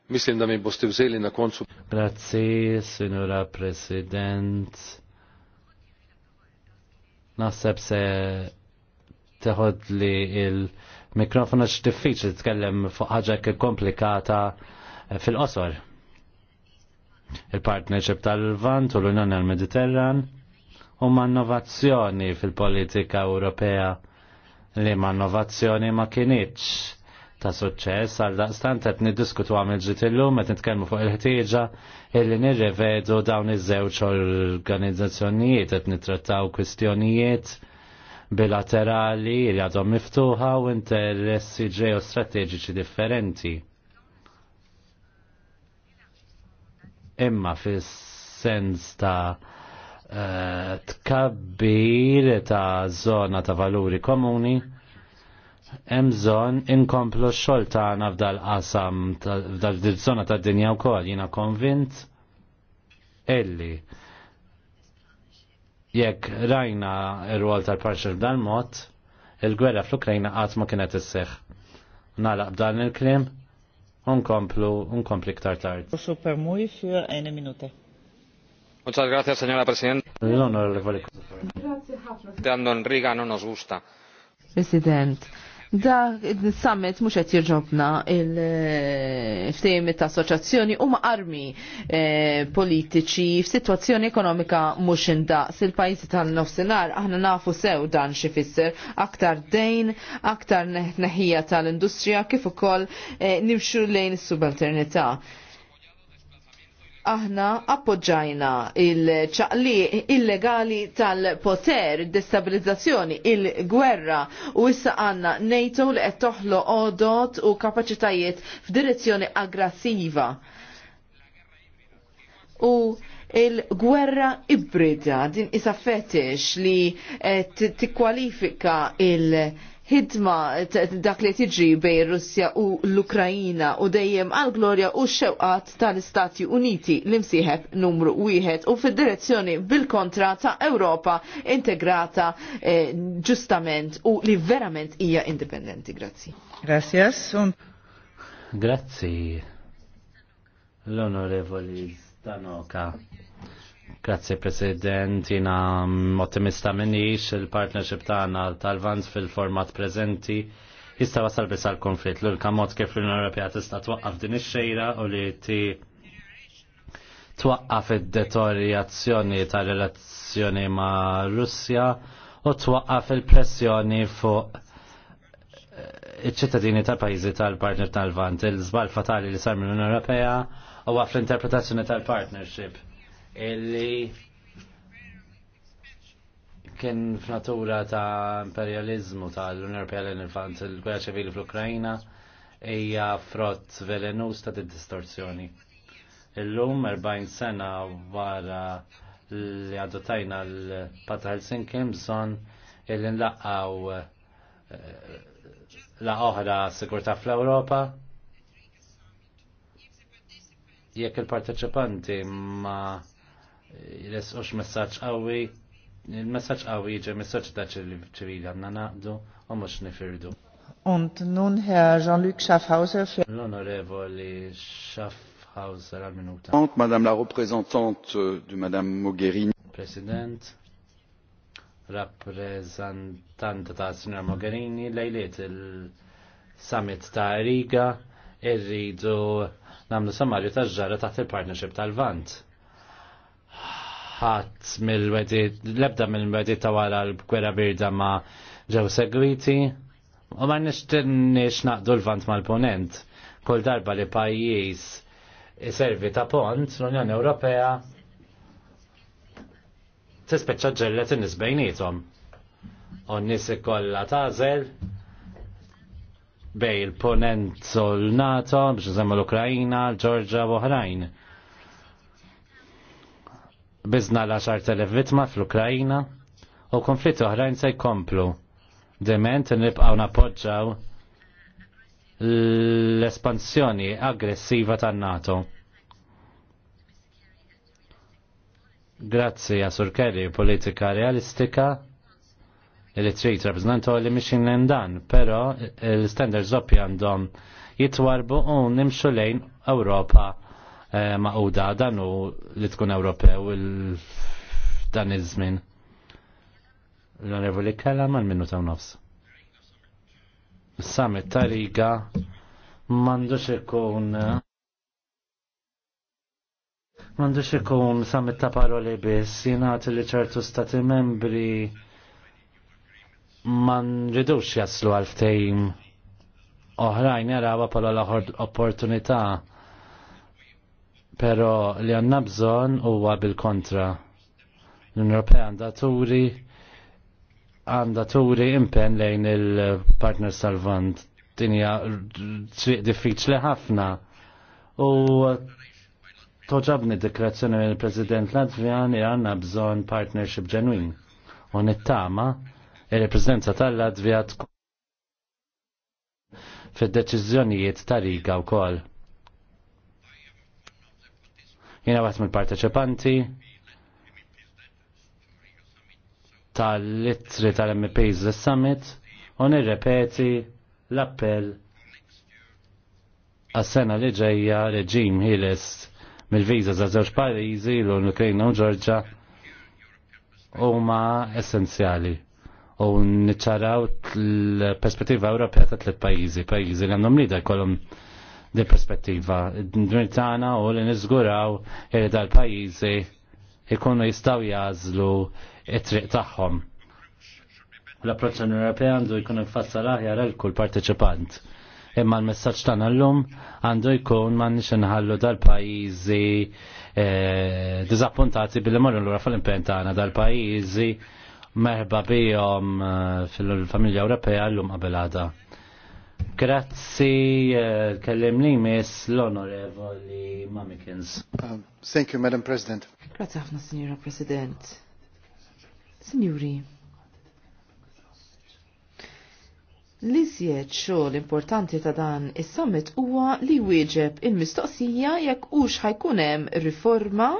Mislim da minn bosti bżeli na konsu. Grazzi, Signora President. Naħseb se teħod li il-mikrofonu x-diffiċ li tkellem fuq ħaġa komplikata fil-qosor. Il-partnership tal-Vant u l-Unjoni għal-Mediterran u ma' innovazzjoni fil-politika Ewropea li ma' innovazzjoni ma' kienieċ ta' suċċess għal daqstant qed niddiskutu il ġit illum qed nitkellmu fuq il-ħtieġa illi nirrevedu dawn iż-żewġ organizzazzjonijiet qed nittrattaw kwistjonijiet bilaterali li għadhom miftuħa u interessi ġeostrateġiċi differenti. Imma fis-sens ta' Eh, tkabbir ta' zona ta' valuri komuni hemm inkomplu x-xogħol tagħna f'dal qasam f'dal-żona tad-dinja wkoll jiena konvint illi jekk rajna r-rwol tal-parċer b'dal-mod, il-gwerra fl-Ukrajna qatt ma kienet isseħ. Nalaq b'dan il-klim, unkomplu, unkompli ktar tard. Super muj fir minute. Muchas gracias, señora presidenta. Don Riga non nos gusta. President, da summit mux qed jirġobna il-ftehim ta' assoċjazzjoni huma armi eh, politiċi f'sitwazzjoni ekonomika mhux indaqs il-pajjiżi tan-nofsinhar aħna nafu sew dan xi fisser aktar dejn, aktar neħija tal-industrija kif ukoll eh, nimxu lejn is-subalternità aħna appoġġajna il-ċaqli illegali tal-poter, destabilizzazzjoni, il-gwerra u issa għanna NATO li qed toħlo odot u kapaċitajiet f'direzzjoni aggressiva. U il-gwerra ibrida din isa fetix li tikkwalifika il- Hidma dak li tiġri bej Russja u l-Ukrajina u dejjem għal glorja u xewqat tal-Istati Uniti li msiħeb numru wieħed u fid-direzzjoni bil-kontra ta' Ewropa integrata eh, ġustament u li verament hija indipendenti. Grazzi. Grazzjas. Grazzi. L-onorevoli Stanoka. Grazie President, jina mm, ottimista minnix il-partnership tagħna tal-Vans fil-format prezenti. jista' wasal biss għal konflitt l-ulka mod kif l-Unjoni Ewropea tista' twaqqaf din ix-xejra u li ti twaqqaf id-detorjazzjoni tal relazzjoni ma' Russja u twaqqaf il-pressjoni fuq eh, iċ-ċittadini tal-pajjiżi tal-partner tal-Vant. Il-żbal fatali li sar mill-Unjoni Ewropea għaf l interpretazzjoni tal-partnership illi kien f'natura ta' imperializmu ta' l-Unjoni Ewropea l-infant il-gwerra ċivili fl-Ukrajna hija frott velenus ta' distorsjoni. Illum 40 sena wara li adottajna l-Pata Helsinki bżonn illi nlaqgħu eh, la oħra sigurtà fl-Ewropa jekk il-parteċipanti ma ux messaċ għawi, il-messaċ għawi qawwi messaċ mis li ċivili għanna naqdu u mux nifirdu. Und nun Herr Jean-Luc Schaffhauser für l'onorevoli Schaffhauser al minuta. Und Madame la représentante euh, de Madame Mogherini. President, rappresentant ta' Signora Mogherini lejliet il-summit ta' Riga irridu namlu sammarju ta' ġara ta' il-partnership tal-Vant ħadd mill-wedi, lebda mill-wedi ta' wara l-kwera birda ma' ġew segwiti. U ma' nix naqdu l-vant mal-ponent. Kull darba li pajjiż iservi ta' pont l-Unjoni Ewropea tispeċċa ġellet in bejnietom. U n-nies ikollha tażel bej il-ponent u l-NATO biex l-Ukrajina, l-Ġorġa u oħrajn bizna l-10.000 vittma fl-Ukrajina u konflitt oħrajn se jkomplu. Dement nibqaw napoġġaw l-espansjoni aggressiva tan-NATO. Grazzi għasur Kerry politika realistika li trid rappresentantu li mixin l-endan, pero l-standards doppja għandhom jitwarbu u nimxu lejn Ewropa Eh, maquda dan u li tkun Ewropew dan iż-żmien. L-Onorevoli Kellam għal minnu ta' nofs. Summit ta' Riga m'għandux ikun M'għandux ikun summit ta' paroli biss, jingħad li ċertu stati membri ma nridux jaslu għal ftehim oħrajn jarawa bħala l-opportunità Pero li għanna bżon huwa bil-kontra. L-Unjoni Ewropea għandha turi għandha turi impen lejn il-partner salvant. Dinja triq diffiċli ħafna. U toġabni dekrazzjoni mill president Latvijan li għanna bżon partnership ġenwin. U nittama il-reprezenza tal-Latvija fid-deċiżjonijiet ta' Riga wkoll Jina għat mill-parteċipanti tal-ittri tal-MPs summit u nirrepeti l-appell għas-sena li ġejja reġim ħiles mill-viza za' żewġ pajjiżi l Ukraina u Ġorġa huma essenzjali u niċċaraw l-perspettiva Ewropea ta' tliet pajjiżi, pajjiżi li għandhom lider kolom di perspettiva d-mirtana u li nizguraw li dal-pajizi ikunu jistaw jazlu it-triq tagħhom. L-approċċ Ewropea għandu jkun infassal aħjar għal kull parteċipant. Imma l-messaġġ tagħna llum għandu jkun m'għandniex inħallu dal-pajjiżi eh, diżappuntati billi morru lura fl-impen tagħna dal-pajjiżi meħba bihom eh, fil-familja Ewropea llum qabel għada. Grazzi, eh, kellem li mis l-onorevoli Mamikins. Um, thank you, Madam President. Grazzi ħafna, Signora President. Signori, l-izjed xogħol importanti ta' dan is-summit huwa li wieġeb il-mistoqsija jekk hux ħajkun hemm riforma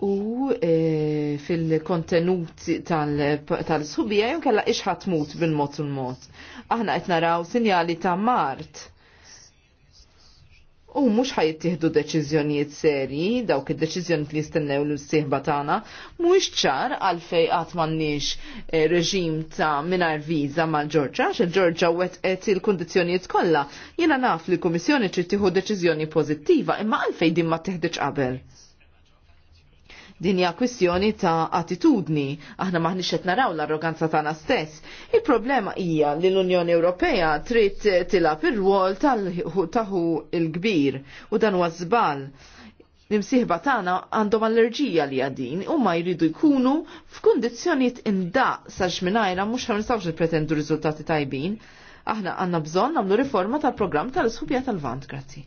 u e, fil-kontenut tal-subija tal kella iċħat mut bil-mot un mot Aħna qed naraw sinjali ta' mart. U mhux ħajtieħdu deċiżjonijiet serji, dawk id deċizjoniet li jistennew l sieħba tagħna, mhuwiex ċar għalfej qatt m'għandniex e, reġim ta' mingħajr viża mal-Ġorġa, xe il-Ġorġa wetqet il-kundizzjonijiet kollha. Jiena naf li l-Kummissjoni deċizjoni pozittiva, deċiżjoni pożittiva, imma għalfej din ma teħdiġ qabel. Din hija kwistjoni ta' attitudni, aħna maħniex qed naraw l-arroganza tagħna stess. Il-problema hija li l-Unjoni Ewropea trid tilab ir-rwol tagħhu il-kbir u dan huwa żball. L-imsieħba tagħna għandhom allerġija li għadin u ma jridu jkunu f'kundizzjonijiet indaq sa xminajra mhux ħa nistgħux nippretendu riżultati tajbin. Aħna għandna bżonn nagħmlu riforma tal-programm tal-Isħubija tal-Vant, grazzi.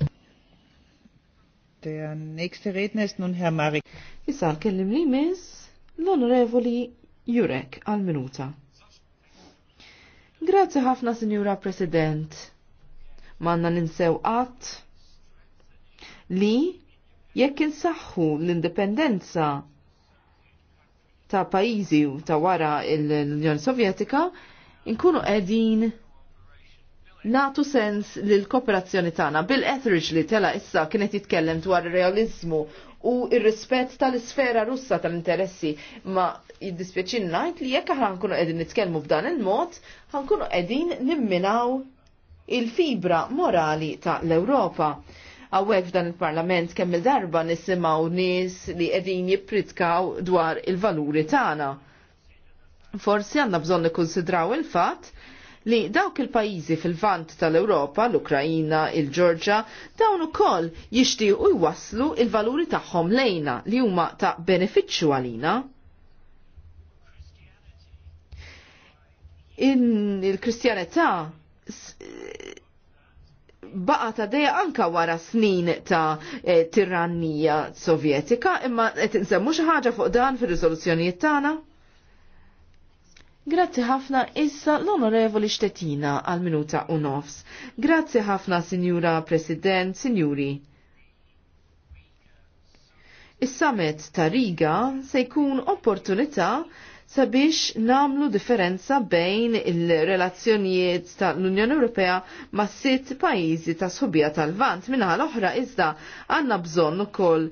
Der nächste Redner ist nun Herr Marek. Issa kellim li miss l-onorevoli Jurek għal-minuta. Grazzi ħafna, Signora President. Manna ninsew qatt li jekk insaħħu l-indipendenza ta' pajizi ta' wara l-Unjoni Sovjetika, inkunu qegħdin natu sens li l-kooperazzjoni tagħna bil-Etheridge li tela issa kienet jitkellem dwar realizmu u r rispett tal-isfera russa tal-interessi ma jiddispjaċin ngħid li jekk aħna nkunu qegħdin nitkellmu f'dan il-mod, ħankunu qegħdin nimminaw il-fibra morali ta' l-Ewropa. Għawek f'dan il-parlament kemm il-darba nisimaw nies li qegħdin jippritkaw dwar il-valuri tagħna. Forsi għandna bżonn nikkunsidraw il-fatt li dawk il-pajizi fil-vant tal-Europa, l-Ukrajina, il-Ġorġa, dawn ukoll jixtiequ jwaslu il-valuri tagħhom lejna li huma ta' benefiċċju għalina. Il-Kristjanità baqa ta' dejja anka wara snin ta' eh, tirannija sovjetika, imma qed insemmu xi ħaġa fuq dan fir-riżoluzzjonijiet tagħna? Grazzi ħafna issa l-onorevoli Xtetina għal minuta u nofs. Grazzi ħafna, Sinjura President, Sinjuri. Is-summit ta' Riga se jkun opportunità sabiex namlu differenza bejn il-relazzjonijiet tal-Unjoni Ewropea ma' sitt pajjiżi ta' sħubija tal-Vant minħa l-oħra iżda għandna bżonn ukoll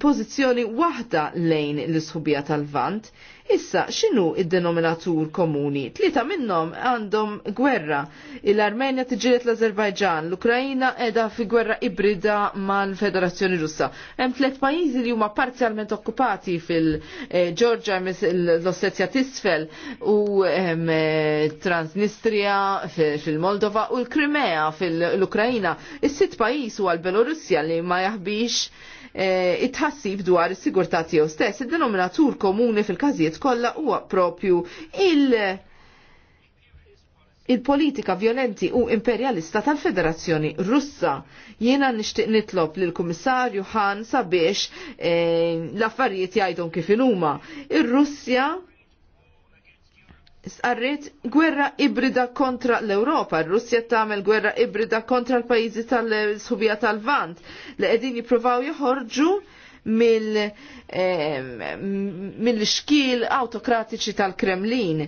pożizzjoni waħda lejn l-isħubija tal-vant. Issa, xinu id-denominatur komuni? Tlita minnom għandhom gwerra. Il-Armenja tiġiet l-Azerbajġan, l-Ukrajina edha fi gwerra ibrida mal-Federazzjoni Russa. Hemm tliet pajjiżi li huma parzjalment okkupati fil georgia l-Ossetja tisfel u ehm, Transnistria fil-Moldova u l-Krimea fil-Ukrajina. Is-sitt pajjiż huwa l-Belorussja li ma jaħbix E, it tħassib dwar is-sigurtà tiegħu stess. Id-denominatur komuni fil-każijiet kollha huwa propju il- il-politika violenti u imperialista tal-Federazzjoni Russa. Jiena nixtieq nitlob lil kummissarju Han sabiex e, l-affarijiet jgħidhom kif huma. Ir-Russja Sqarrit gwerra ibrida kontra l-Europa. Russja tagħmel gwerra ibrida kontra l-pajjiżi tal-subija tal-Vant li qegħdin jippruvaw joħorġu mill-xkil autokratiċi tal-Kremlin.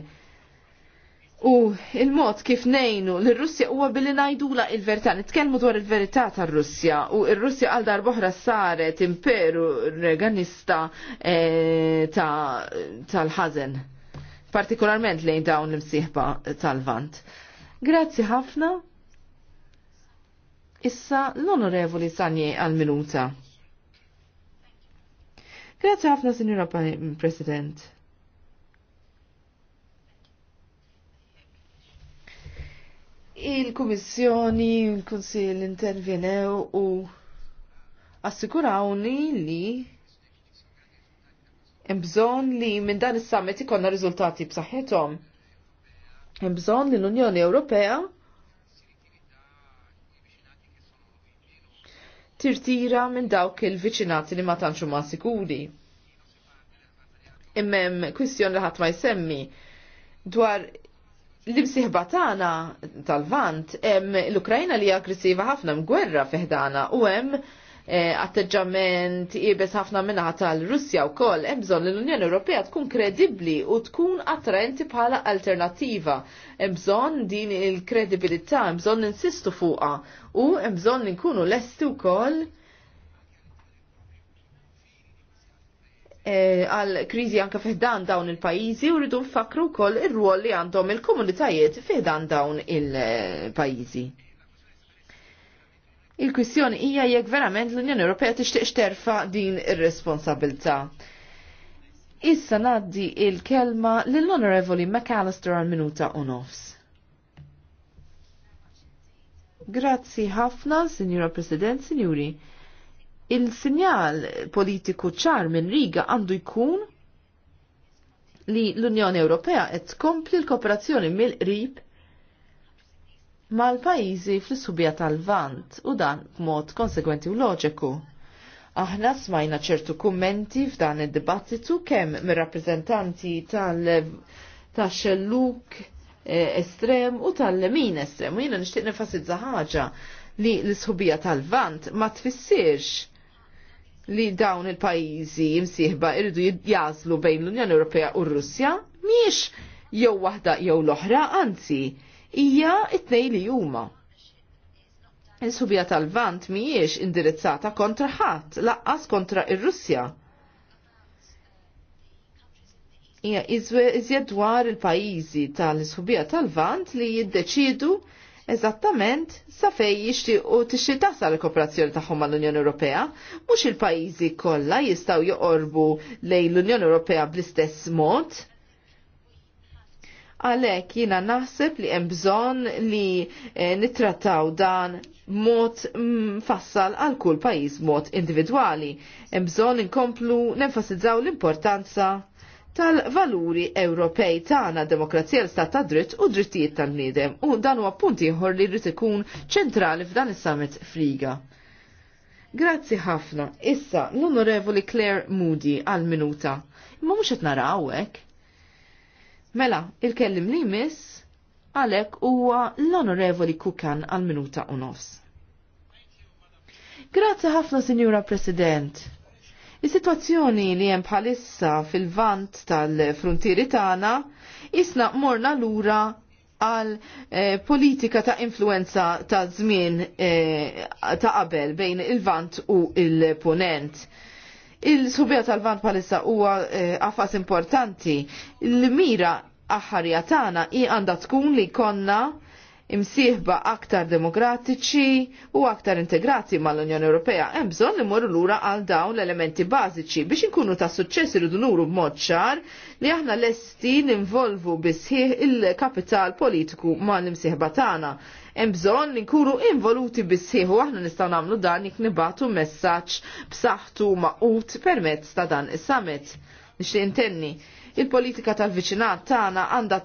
U il-mod kif nejnu l-Russja huwa billi najdula il-verità, nitkellmu dwar il-verità tar-Russja u r-Russja għal darboħra saret imperu reganista tal eh, Ta partikolarment lejn dawn l-imsieħba tal-vant. Grazzi ħafna. Issa l-onorevoli Sanje għal-minuta. Grazzi ħafna, Signora President. Il-Kummissjoni, il konsil intervjenew u assikurawni li Imbżon li minn dan is-summit ikonna riżultati b'saħħithom. Imbżon li l-Unjoni Ewropea tirtira minn dawk il-viċinati li ma tantx huma sikuri. Immem kwistjoni li ħadd ma jsemmi dwar l-imsiħba tagħna tal-Vant hemm l-Ukrajna li aggressiva ħafna mgwerra fiħdana u hemm Eh, atteġġament jibes ħafna minna tal-Russja u koll, ebżon l-Unjoni Ewropea tkun kredibli u tkun attraenti bħala alternativa. Ebżon din il-kredibilità, ebżon ninsistu fuqa u ebżon nkunu lesti u koll eh, għal krizi anka fiħdan dawn il-pajizi u rridu nfakru kol ir ruol li għandhom il-komunitajiet fiħdan dawn il-pajizi. Il-kwistjoni hija jekk verament l-Unjoni Ewropea tixtieq terfa din ir-responsabilità. Issa naddi il-kelma lill-Onorevoli McAllister għal minuta u nofs. Grazzi ħafna, Sinjura President, Sinjuri. Il-sinjal politiku ċar minn Riga għandu jkun li l-Unjoni Ewropea qed tkompli l-kooperazzjoni mill-qrib mal-pajizi fl-subja tal-vant u dan b'mod konsegwenti u loġiku. Aħna smajna ċertu kummenti f'dan id-dibattitu kemm mir-rappreżentanti tal-xelluk eh, estrem u tal-lemin estrem. U jiena nixtieq nifasizza ħaġa li l-sħubija tal-vant ma tfissirx li dawn il-pajizi imsieħba irridu jazlu bejn l-Unjoni Ewropea u r Russja miex jew waħda jew l-oħra, anzi hija it-tnej li huma. Insubja tal-vant mhijiex indirizzata kontra ħadd laqqas kontra ir-Russja. Ija izjed dwar il pajizi tal insubja tal-vant li jiddeċidu eżattament sa fej jixtiequ tixti tasa il-kooperazzjoni tagħhom mal-Unjoni Ewropea, mhux il-pajjiżi kollha jistgħu joqorbu lejn l-Unjoni Ewropea bl-istess mod Għalhekk jiena naħseb li hemm bżonn li eh, nittrattaw dan mod mm, fassal għal kull pajjiż mod individwali. Hemm bżonn inkomplu nenfasizzaw l-importanza tal-valuri Ewropej tagħna demokrazija l-istat ta' dritt u drittijiet tal-bniedem u dan huwa punt ieħor li jrid ikun ċentrali f'dan is-summit friga. Grazzi ħafna. Issa l-Onorevoli Claire Moody għal minuta. Ma mhux qed narawek. Mela, il-kellim li miss għalek huwa l-onorevoli Kukan għal minuta u nofs. Grazzi ħafna, Signora President. Is-sitwazzjoni li hemm bħalissa fil-vant tal-frontieri tagħna isna morna lura għal eh, politika ta' influenza ta' żmien eh, ta' qabel bejn il-vant u il-ponent. il ponent Il-subja tal-vant palissa huwa għafas eh, importanti. L-mira aħħarja tagħna hi għandha tkun li konna imsieħba aktar demokratiċi u aktar integrati mal-Unjoni Ewropea, hemm bżonn immorru lura għal dawn l-elementi bażiċi biex inkunu ta' suċċess iridu nuru b'mod ċar li aħna lesti ninvolvu bisħieħ il-kapital politiku mal-imsieħba tagħna. Hemm bżonn li nkunu involuti bisħieħ u aħna nistgħu nagħmlu dan jekk nibatu messaġġ b'saħħtu maqut permezz ta' dan is-summit. Nixtieq intenni il-politika tal-viċinat tagħna għandha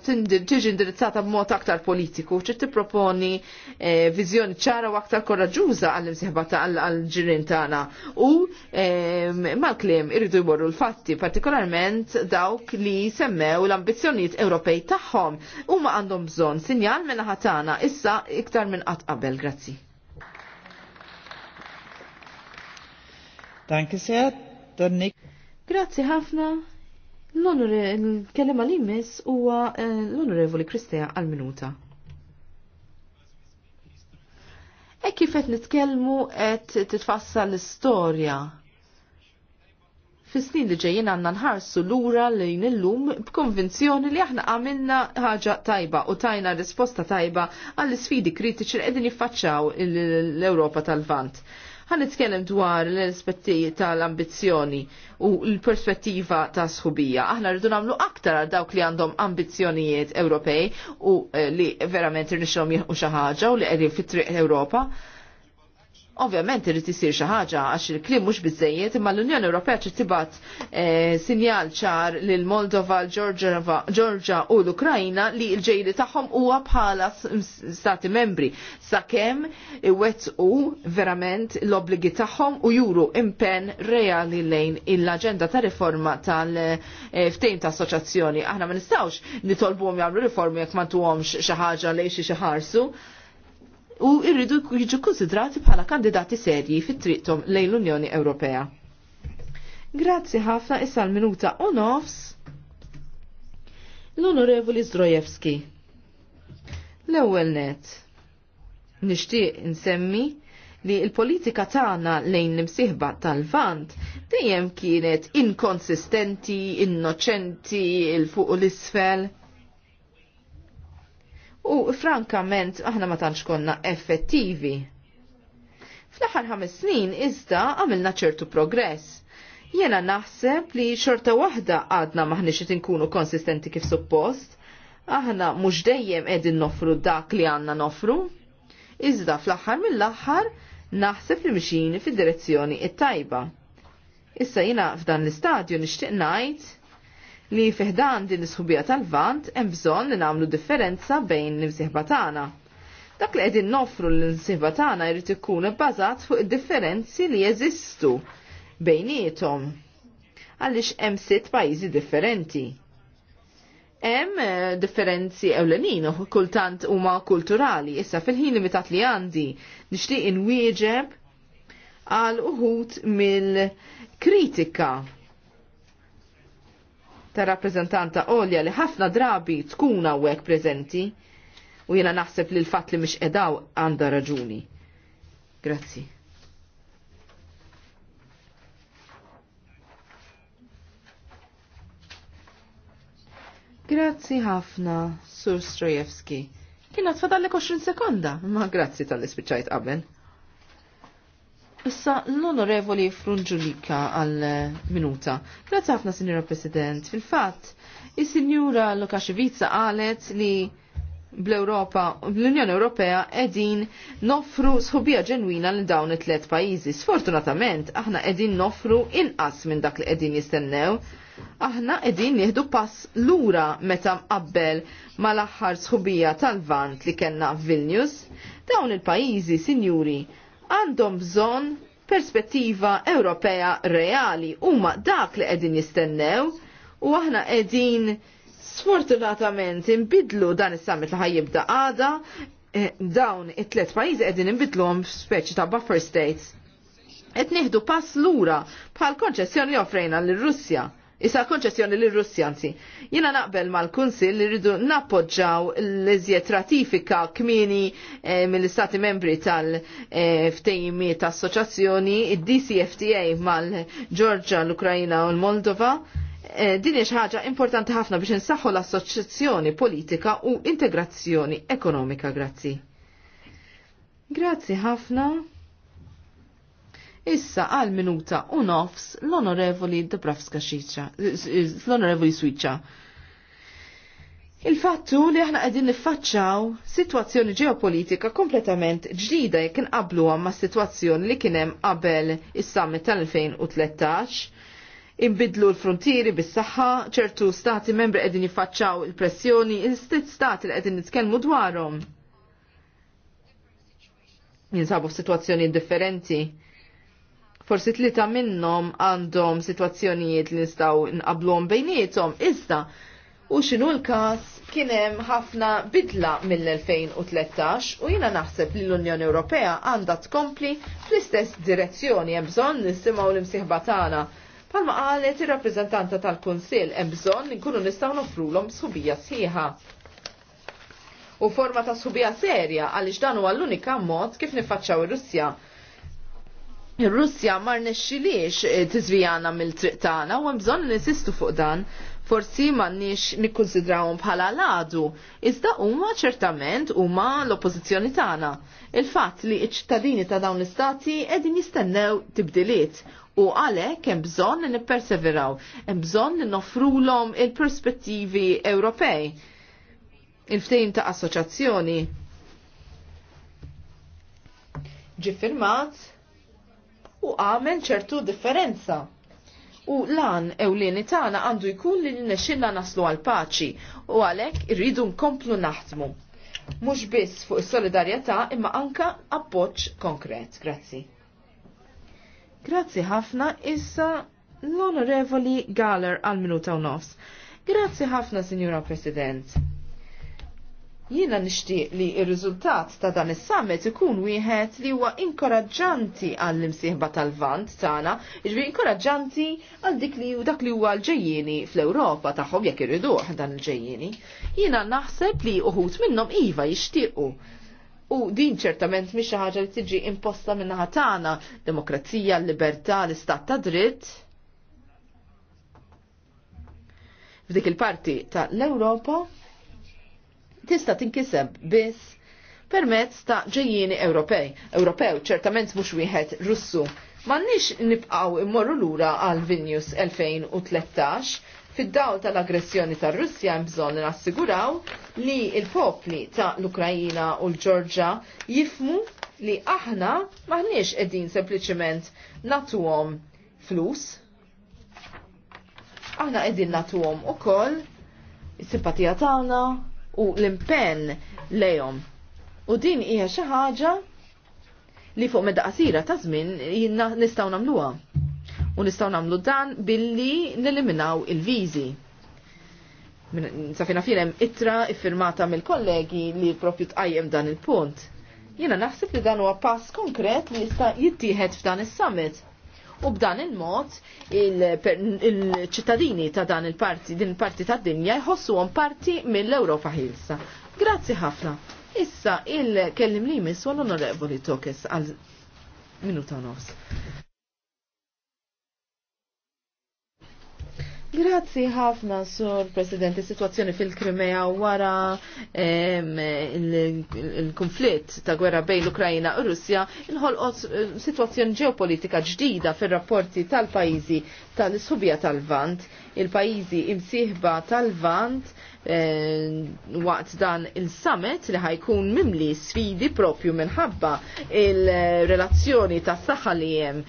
tiġi indirizzata b'mod aktar politiku, ċi tipproponi eh, viżjoni ċara u aktar korraġuża għall-imsieħba għall-ġirien tagħna. U ehm, mal klim irridu jmorru l-fatti, partikolarment dawk li semmew l-ambizzjonijiet Ewropej tagħhom huma għandhom bżonn sinjal minn ħatana issa iktar minn qatt qabel. Grazzi. Danke sehr, Grazzi ħafna l kellima li jmiss huwa eh, l-Onorevoli Kristea għal-minuta. E kifet nitkellmu qed titfassa l-istorja. Fis-snin li ġejjin għandna nħarsu lura lejn illum b'konvinzjoni li aħna għamilna ħaġa tajba u tajna risposta tajba għall sfidi kritiċi li qegħdin jiffaċċaw l-Ewropa tal-Vant. Għan nitkellem dwar l-aspetti tal-ambizjoni u l-perspettiva ta' sħubija. Aħna rridu nagħmlu aktar għal dawk li għandhom ambizjonijiet Ewropej u eh, li verament irnixhom jieħu xi ħaġa u li qegħdin fit-triq Ewropa. Ovvjament irid isir xi ħaġa għax il-klim mhux biżejjed imma l-Unjoni Ewropea ċi tibgħat eh, sinjal ċar lil Moldova, Georgia u l-Ukrajna li l-ġejri tagħhom huwa bħala stati membri sakemm iwettqu verament l-obbligi tagħhom u juru impenn reali lejn l-aġenda ta' riforma tal-ftejn eh, ta' assoċjazzjoni. Aħna ma nistgħux nitolbuhom jagħmlu riformi jekk ma tuhomx xi ħaġa lejn xi ħarsu u irridu jiġu konsidrati bħala kandidati serji fit-triqtom lejn l-Unjoni Ewropea. Grazzi ħafna issa l-minuta u nofs l-Onorevoli Zdrojewski. L-ewwel net. Nixtieq insemmi li l-politika tagħna lejn l-imsieħba tal-vant dejjem kienet inkonsistenti, innoċenti, il fuq u l-isfel U frankament, aħna ma tantx konna effettivi. Fl-aħħar ħames snin iżda għamilna ċertu progress. Jena naħseb li xorta waħda għadna maħniex qed inkunu konsistenti kif suppost. Aħna mhux dejjem qegħdin nofru dak li għandna nofru. Iżda fl-aħħar mill-aħħar naħseb li mxini fid-direzzjoni it-tajba. Issa jiena f'dan l-istadju nixtieq ngħid li fiħdan din isħubija tal-vant hemm bżonn li nagħmlu differenza bejn l-imsieħba tagħna. Dak li qegħdin noffru l-imsieħba tagħna jrid ikun ibbażat fuq id-differenzi li jeżistu bejniethom għaliex hemm sitt pajjiżi differenti. Hemm eh, differenzi ewlenin u kultant huma kulturali, issa fil-ħin limitat li għandi nixtieq inwieġeb għal uħut mill-kritika ta' rappreżentanta Olja li ħafna drabi tkun hawnhekk preżenti u jiena naħseb li l-fatt li mx qedaw għandha raġuni. Grazzi. Grazzi ħafna, Sur Strojewski. Kienet fadalli 20 sekonda, ma grazzi tal-li spiċajt qabel. Issa l-onorevoli Frunġulika għal minuta. Grazie ħafna, Signora President. Fil-fatt, is-Sinjura Lukaxevica qalet li bl-Europa, l-Unjoni Ewropea edin nofru sħubija ġenwina l dawn it-tlet pajjiżi. Sfortunatament, aħna edin nofru inqas minn dak li edin jistennew. Aħna edin nieħdu pass lura meta mqabbel mal-aħħar sħubija tal-vant li kellna Vilnius Dawn il-pajjiżi, sinjuri, għandhom bżonn perspettiva Ewropea reali huma dak li qegħdin jistennew u aħna qegħdin sfortunatament inbidlu dan is-summit li ħajjibda għada eh, dawn it-tlet pajjiżi qegħdin inbidluhom speċi ta' buffer states. Qed nieħdu pass lura bħal konċessjoni offrejna lir russja Issa konċessjoni russja anzi. Jina naqbel mal-Kunsil li rridu nappoġġaw l-iżjed ratifika kmini eh, mill-Istati membri tal-ftejmi eh, ta' assoċazzjoni, id-DCFTA mal-Ġorġa, l-Ukrajina u l-Moldova. Eh, din hija ħaġa importanti ħafna biex insaħħu l-assoċjazzjoni politika u integrazzjoni ekonomika. Grazzi. Grazzi ħafna. Issa għal minuta u nofs l-onorevoli Dubravska Xiċa, l-onorevoli Swiċa. Il-fattu li aħna qegħdin nifacċaw sitwazzjoni ġeopolitika kompletament ġdida jekk nqablu għamma sitwazzjoni li kien hemm qabel is-summit tal-2013 imbidlu l-frontieri bis-saħħa, ċertu stati membri qegħdin jiffaċċaw il-pressjoni, il-stit stati li qegħdin nitkellmu dwarhom. Jinsabu f'sitwazzjoni differenti forsi tlita minnhom għandhom sitwazzjonijiet li nistgħu nqablom bejniethom, iżda u xinu l-kas kienem ħafna bidla mill-2013 u jina naħseb li l-Unjoni Ewropea għandha tkompli fl-istess direzzjoni hemm bżonn nisimgħu l-imsieħba tagħna. Palma qalet ir-rappreżentanta tal-Kunsill hemm bżonn nkunu nistgħu nofrulhom sħubija sħiħa. U forma ta' sħubija serja għaliex dan huwa l-unika mod kif nifaċċaw ir-Russja Ir-Russja mar nexxiliex eh, tiżvijana mill-triq tagħna u hemm bżonn insistu fuq dan forsi m'għandniex nikkunsidrawhom bħala ladu, iżda huma ċertament huma l-oppożizzjoni tagħna. Il-fatt li ċ-ċittadini ta' dawn l-istati qegħdin jistennew tibdiliet u għalhekk hemm bżonn li nipperseveraw, hemm bżonn li nofrulhom il-perspettivi Ewropej. il ftejn ta' assoċjazzjoni Ġifirmat, u għamel ċertu differenza. U lan ewlieni tagħna għandu jkun li nexxinna naslu għal paċi u għalhekk irridu nkomplu naħdmu. Mhux biss fuq is-solidarjetà imma anka appoġġ konkret. Grazzi. Grazzi ħafna issa l-Onorevoli Galler għal minuta u nofs. Grazzi ħafna, Sinjura President. Jiena nixtieq li r-riżultat ta' dan is-summit ikun wieħed li huwa inkoraġġanti għall imsieħba tal-vant tagħna, jiġri inkoraġġanti għal dik li dak li huwa l-ġejjieni fl-Ewropa tagħhom jekk irriduh dan il-ġejjieni. Jiena naħseb li uħut minnhom iva jixtiequ U din ċertament mhix xi ħaġa li tiġi imposta minnaħa tagħna, demokrazija, libertà, l-istat ta' dritt. F'dik il-parti tal-Ewropa tista' tinkiseb biss permezz ta' ġejjieni Ewropej. Ewropew ċertament mhux wieħed Russu. M'għandniex nibqgħu immorru lura għal Vilnius 2013 fid-dawl tal-aggressjoni tar russja hemm bżonn li nassiguraw li l-popli ta' l-Ukrajina u l ġorġja jifmu li aħna maħniex qegħdin sempliċement natuhom flus. Aħna qegħdin natuhom ukoll is-simpatija tagħna, u l-impenn lejhom. U din hija xi ħaġa li fuq meda qasira ta' żmien nistgħu nagħmluha. U nistgħu nagħmlu dan billi neliminaw il-viżi. Safina firem itra iffirmata mill-kollegi li propju tqajjem dan il-punt. Jiena naħseb li dan huwa pass konkret li jista' jittieħed f'dan is-summit u b'dan il-mod il-ċittadini ta' dan il-parti, din parti ta' dinja jħossuhom parti mill-Ewropa ħilsa. Grazzi ħafna. Issa il-kellim li jmiss l-onorevoli tokes għal minuta nofs. Grazzi ħafna, Sur President, situazzjoni fil-Krimea wara il-konflitt ta' gwerra bejn l-Ukrajina u Russja inħolqot situazzjoni ġeopolitika ġdida fil-rapporti tal-pajizi tal-Subja tal-Vant. Il-pajizi imsieħba tal-Vant waqt dan il-summit li ħajkun mimli sfidi propju minħabba il-relazzjoni tas s-saxalijem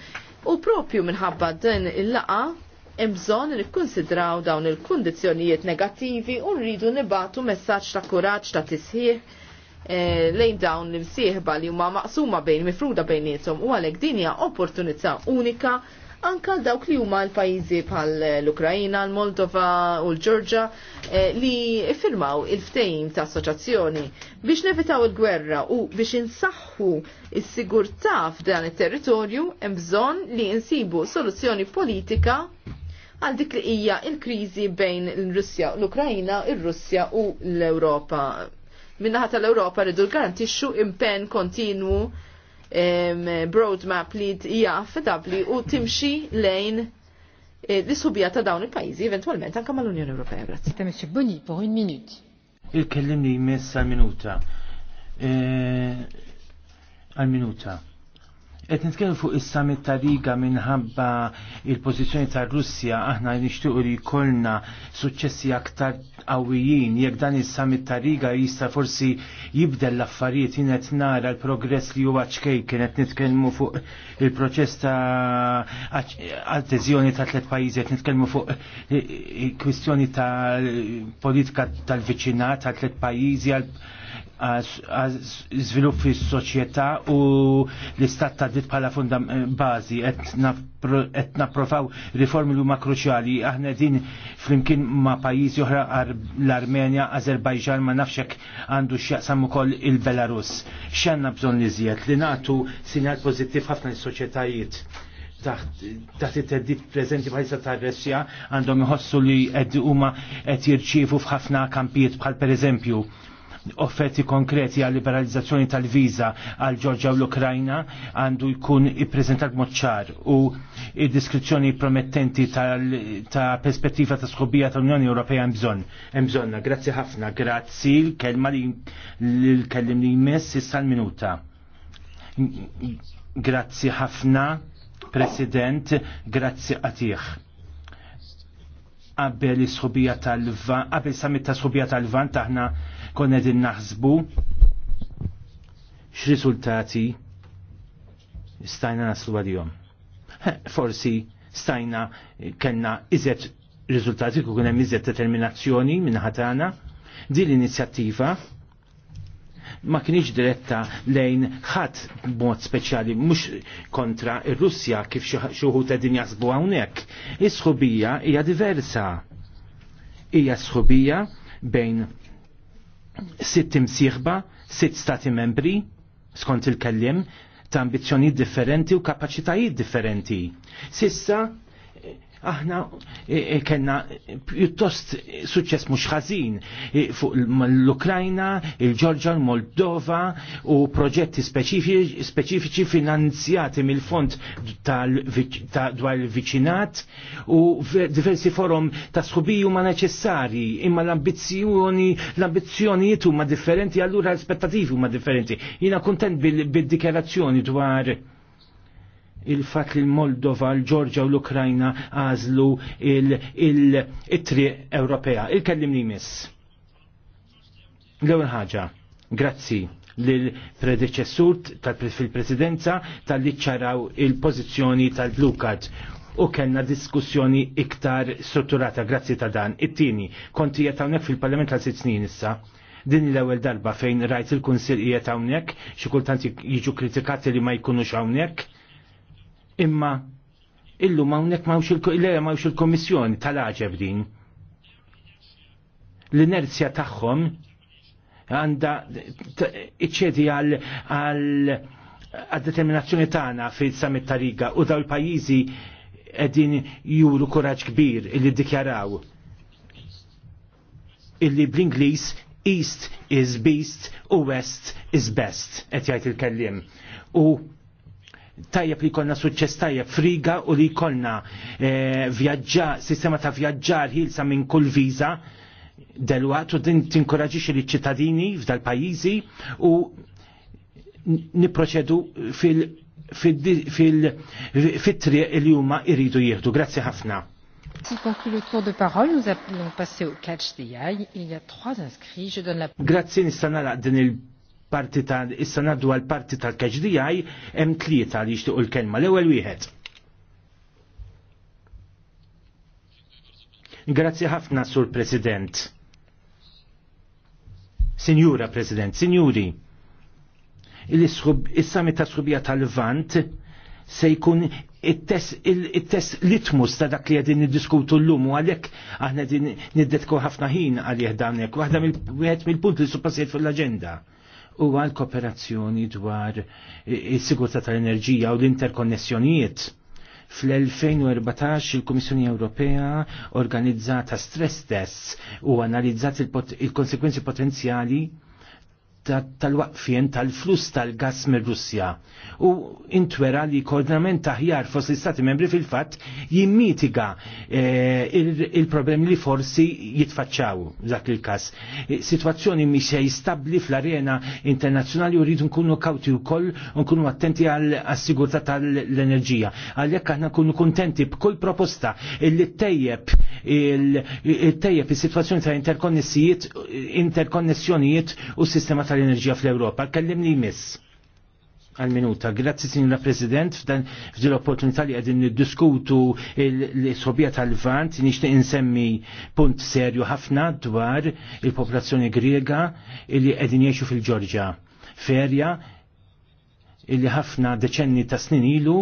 U propju minħabba din il-laqa imżon li konsidraw dawn il-kondizjonijiet negativi u rridu nibatu messaġġ ta' kuraġġ ta' tisħiħ eh, lejn dawn l imsieħba li huma maqsuma bejn mifruda nisom u għalhekk din hija opportunità unika anka dawk li huma l-pajjiżi bħal l-Ukrajina, l-Moldova u l-Ġorġa eh, li firmaw il-ftejn ta' assoċjazzjoni biex nevitaw il-gwerra u biex insaħħu is-sigurtà f'dan it-territorju hemm bżonn li insibu soluzzjoni politika għal dik li hija l kriżi bejn l-Russja u l-Ukrajna, ir russja u l-Ewropa. Minnaħat tal-Ewropa rridu garantixxu impenn kontinwu broadmap li hija affidabbli u timxi lejn eh, l subija ta' dawn il-pajjiżi eventwalment anke mal-Unjoni Ewropea. Grazzi. Temixxi Buni pour un minut. Il-kellimni jmessa minuta. Għal minuta eh, Et nitkellem fuq is-summit ta' Riga minħabba il-pożizzjoni ta' Russja aħna nixtiequ li jkollna suċċessi aktar qawwijin jekk dan is-summit ta' Riga jista' forsi jibdel l-affarijiet jien qed nara l-progress li huwa ċkej kienet nitkellmu fuq il-proċess ta' adeżjoni ta' tliet pajjiżi qed nitkellmu fuq kwistjoni ta' politika tal-viċinat ta' tliet pajjiżi żvilupp fis soċjetà u l-istat ta' dit bħala eh, bażi qed napprovaw riformi li huma kruċjali. Aħna din flimkien ma' pajjiżi oħra l-Armenja, Azerbajġan ma nafx hekk għandu x'jaqsam ukoll il-Belarus. X'għandna bżonn iżjed li nagħtu sinjal pożittiv ħafna s-soċjetajiet taħt it-teddit prezenti bħalissa ta' Ressja għandhom iħossu li qed huma qed jirċievu f'ħafna kampijiet bħal pereżempju offerti konkreti għal liberalizzazzjoni tal-viza għal Ġorġja u l-Ukrajna għandu jkun ippreżentat moċċar u id-diskrizzjoni promettenti ta' perspettiva ta' skobija tal-Unjoni Ewropea bżonn. Hemm bżonna, grazzi ħafna, grazzi l-kelma li l-kellim li jmess issa l-minuta. Grazzi ħafna, President, grazzi għatih qabel is-sħubija tal-Lvan, qabel summit ta' tal-Lvan taħna konna din naħsbu x-risultati stajna naslu għal Forsi stajna kellna izet riżultati ku kunem iżet determinazzjoni minn ħatana. Din l-inizjattiva ma kienx diretta lejn ħadd b'mod speċjali mhux kontra ir-Russja kif xi wħud qegħdin jaħsbu hawnhekk. Is-sħubija hija diversa. Hija sħubija bejn sitt imsieħba, sitt stati membri, skont il-kellim, ta' ambizjoni differenti u kapaċitajiet differenti. Sissa aħna e, e, kena pjuttost suċċess mhux ħażin e, fuq l-Ukrajna, il-Ġorġa, l-Moldova u proġetti speċifiċi finanzjati mill-Fond dwar il-Viċinat u diversi forum ta' sħubiju ma' neċessari imma l-ambizzjoni l-ambizzjonijiet huma differenti allura l-aspettativi huma differenti. Jiena kuntent bil-dikjerazzjoni dwar il-fat li l-Moldova, l-Ġorġa u l-Ukrajna għazlu il-triq Ewropea. Il-kellimni miss. L-ewwel ħaġa, grazzi lill-predeċessur fil-presidenza tal-li ċaraw il-pożizzjoni tal blukat u kellna diskussjoni iktar strutturata grazzi ta' dan. It-tieni, konti qed hawnhekk fil-Parlament għal sitt snin issa din l-ewwel darba fejn rajt il-Kunsill qiegħed hawnhekk, xi kultant jiġu kritikati li ma jkunux hawnhekk Imma illu mawnek ma il-lera il-komissjoni tal-aġeb din. L-inerzja tagħhom għanda iċċedi għal għal determinazzjoni tagħna fil-summit tariga u daw il-pajjiżi qegħdin juru kuraġġ kbir illi ddikjaraw illi bl-Ingliż East is beast u West is best qed jgħid il-kellim. U tajjeb li jkollna suċċess tajjeb friga u li jkollna eh, vjaġġa, sistema ta' vjaġġar ħilsa minn kull viża delwat u din tinkoraġixi li ċittadini f'dal pajjiżi u niproċedu fil fil-triq li huma jridu jieħdu. Grazzi ħafna. Qui conclut le tour de parole, nous allons passer au catch the Il y a trois inscrits. Je donne la Grazie, parti ta' issa naddu għal parti tal KHDI hemm tlieta li jixtiequ l-kelma l-ewwel wieħed. Grazzi ħafna sur President. Sinjura President, Sinjuri, il-summit ta' sħubija tal-Vant se jkun il-test litmus ta' dak li għedin niddiskutu l-lum u għalek aħna għedin niddetku ħafna ħin għalih dan jek, waħda mill-punt li suppassiet fil-agenda huwa l-kooperazzjoni dwar is-sigurtà tal-enerġija u l-interkonnessjonijiet. Fl-2014 il komissjoni Ewropea organizzata stress tests u analizzat il-konsekwenzi potenzjali tal-waqfien tal-flus tal-gas mir russja u intwera li koordinament taħjar fost l-Istati membri fil-fat jimmitiga eh, il-problemi li forsi jitfaċċaw dak il-kas. Eh, situazzjoni mi se jistabli fl-arena internazzjonali u rridu nkunu kawti u koll u nkunu attenti għal assigurta tal-enerġija. Għal-jekk aħna nkunu kontenti b'kull proposta li tejjeb il-tejjeb il-situazzjoni ta' interkonnessijiet, interkonnessjonijiet u sistema tal-enerġija fl-Ewropa. Kellimni jmiss għal-minuta. Grazzi, Signora President, f'dan f'dil opportunità li għedin diskutu l sobija tal-vant, nixtieq insemmi punt serju ħafna dwar il-popolazzjoni griega li qegħdin jgħixu fil-Ġorġa. Ferja illi ħafna deċenni ta' snin ilu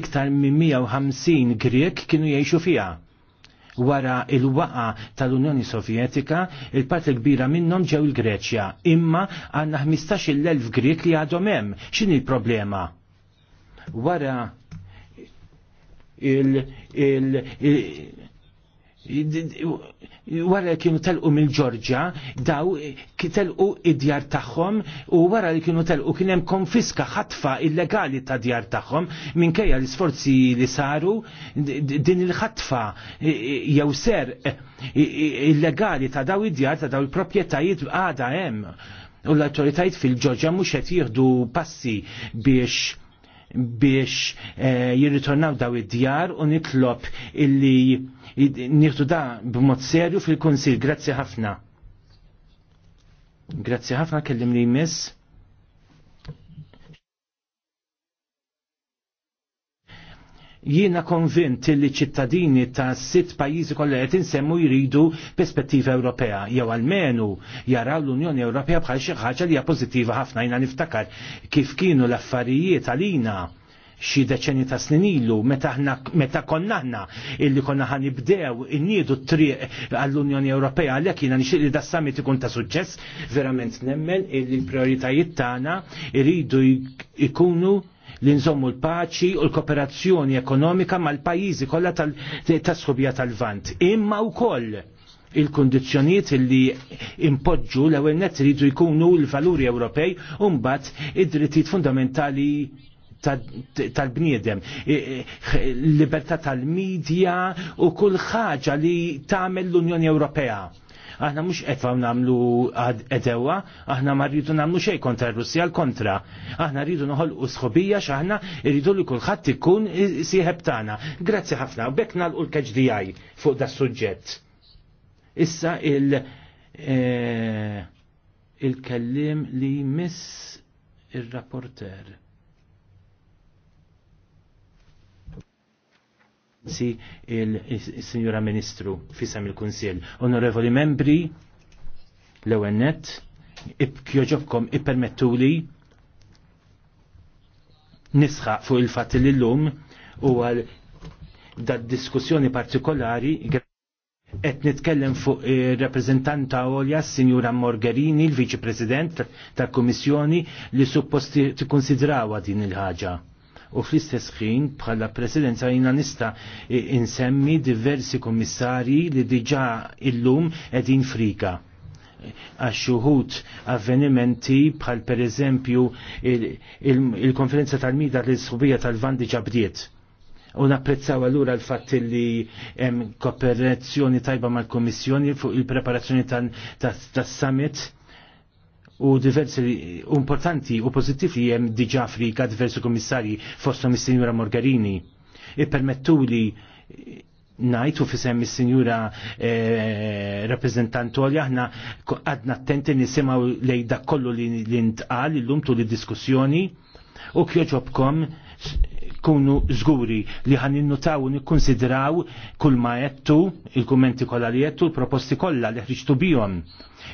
iktar minn 150 Grek kienu jgħixu fiha wara il-waqa tal-Unjoni Sovjetika, il-parti kbira minnhom ġew il-Greċja, imma għandna 15,000 Grek li għadhom hemm. X'inhi il-problema? Wara il-, il, il, il wara li kienu telqu mill ġorġa daw telqu id-djar tagħhom u wara li kienu telqu kien hemm konfiska ħatfa illegali ta' djar tagħhom minkejja l-isforzi li saru din il-ħatfa jew ser illegali ta' daw id-djar ta' daw il-proprjetajiet għada hemm u l-autoritajiet fil ġorġa mhux qed jieħdu passi biex biex eh, jirritornaw daw id-djar u nitlob illi nieħdu da b'mod serju fil-Kunsil. Grazzi ħafna. Grazzi ħafna kellim li jmiss. Jiena konvint li ċittadini ta' sitt pajjiżi kollha qed insemmu jridu perspettiva Ewropea, jew almenu jaraw l-Unjoni Ewropea bħal xi ħaġa li hija pożittiva ħafna jiena niftakar kif kienu l-affarijiet għalina xi deċenji ta' snin ilu meta konna aħna illi konna nibdew inniedu t-triq għall-Unjoni Ewropea għalhekk jiena nixtieq li das-summit ikun ta' suċċess, verament nemmen illi l-prijoritajiet tagħna iridu ikunu li nżommu l-paċi u l-kooperazzjoni ekonomika mal-pajjiżi kollha tas-subja tal-Vant. Imma wkoll il-kondizjoniet li impoġġu l ewwel net ridu jkunu l-valuri Ewropej u mbagħad id-drittijiet fundamentali tal-bniedem, libertà tal-medja u kull ħaġa li tagħmel l-Unjoni Ewropea Aħna mhux qed faw nagħmlu aħna ma rridu nagħmlu xejn kontra r-Russja l-kontra. Aħna rridu noħolqu sħobija x'aħna rridu li kulħadd ikun sieħeb tagħna. Grazzi ħafna u bekk nagħlqu l-KHDI fuq da suġġett. Issa il- e, il-kellim li miss il-rapporter. si il signora Ministru fissam il-Kunsil. Onorevoli membri, l-ewennet, ipermettu ippermettuli nisħaq fuq il-fat li l-lum u għal da diskussjoni partikolari qed nitkellem fuq ir-rappreżentanta Olja Sinjura Morgherini, il viċi President tal-Kummissjoni li supposti tikkonsidrawha din il-ħaġa u fl-istess ħin bħala presidenza jina nista e, insemmi diversi kommissari li diġa illum edin frika xuħut avvenimenti bħal per eżempju il-konferenza il il tal-mida l subija tal-Vandi bdiet, U napprezzaw allura l-fatt li kooperazzjoni tajba mal-Komissjoni fuq il-preparazzjoni tal-summit. Ta ta u diversi importanti u pozittiv li jem diġa ka diversi komissari fostom il-Sinjura Morgarini. I-permettu li najtu fisem il-Sinjura e, eh, rappresentant ħna għadna attenti nisimaw lej da kollu li l-intqal, l lumtu li diskussjoni u kjoġobkom kunu zguri li ħan innutaw u nikkonsidraw kull ma jettu, il-kommenti kolla li jettu, il-proposti kolla li ħriġtu bijom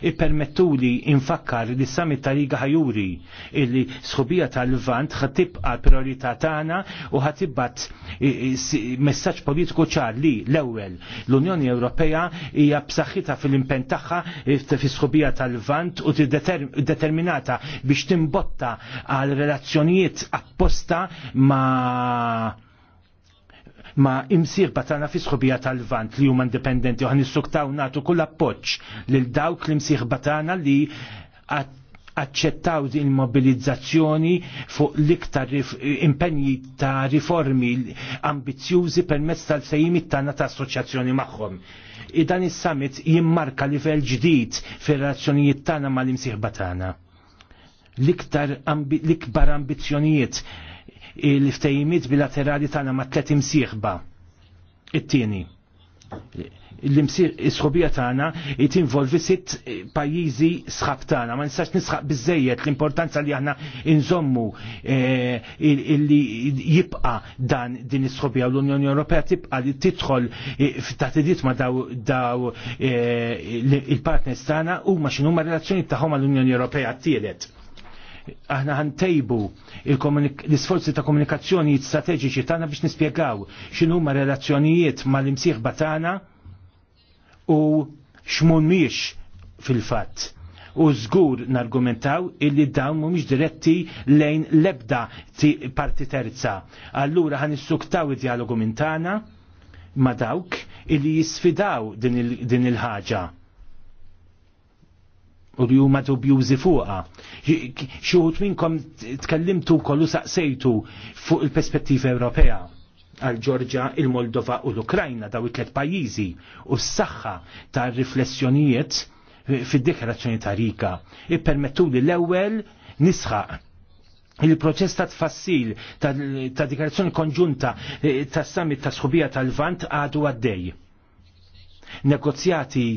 Ippermettuli infakkar li s-summit ta' ħajuri illi sħubija tal-Levant ħatibqa priorità tagħna u ħatibbat messaġġ politiku ċar li l-ewwel l-Unjoni Ewropea hija b'saħħitha fil-impenn tagħha fis-sħubija tal vant u determinata biex timbotta għal relazzjonijiet apposta ma' ma' imsir tagħna fi sħobija tal-vant li huma indipendenti u ħnissuktaw nagħtu kull appoġġ lil dawk li msirba tagħna li accettaw din mobilizzazzjoni fuq l-iktar impenji ta' riformi ambizjużi permezz tal-fejjimi tagħna ta' assoċjazzjoni magħhom. Dan is-summit jimmarka livell ġdid fir-relazzjonijiet tagħna mal-imsieħba tagħna. L-iktar ambi, l il-ftejimiet bilaterali tagħna ma' tliet imsieħba It-tieni l-sħobija tagħna it involvi sitt eh, pajjiżi sħab tagħna. Ma nistax nisħaq biżejjed l-importanza li aħna inżommu eh, li jibqa' dan din is-sħobija u l-Unjoni Ewropea tibqa' li tidħol eh, f'tatidiet ma daw daw il-partners tagħna huma x'inhuma relazzjoni tagħhom mal-Unjoni Ewropea tielet aħna ħantejbu l-isforzi ta' komunikazzjoni strateġiċi tagħna biex nispjegaw x'inhuma huma relazzjonijiet mal-imsieħba tagħna u x'mhumiex fil-fatt u żgur nargumentaw illi dawn mhumiex diretti lejn lebda parti terza. Allura ħan issuktaw id-dialogu minn tagħna ma dawk illi jisfidaw din il-ħaġa. il ħaġa u li huma dubjużi fuqha. Xuħut minnkom tkellimtu kollu saqsejtu fuq il-perspettiva Ewropea għal Ġorġa, il-Moldova u l-Ukrajna daw it-tlet pajjiżi u s-saħħa ta' riflessjonijiet fid-deklarazzjoni ta' Rika. Ippermettu li l-ewwel nisħaq il-proċess ta' tfassil ta' dikarazzjoni konġunta eh, ta' summit ta' sħubija tal-Vant għadu għaddej. Negozjati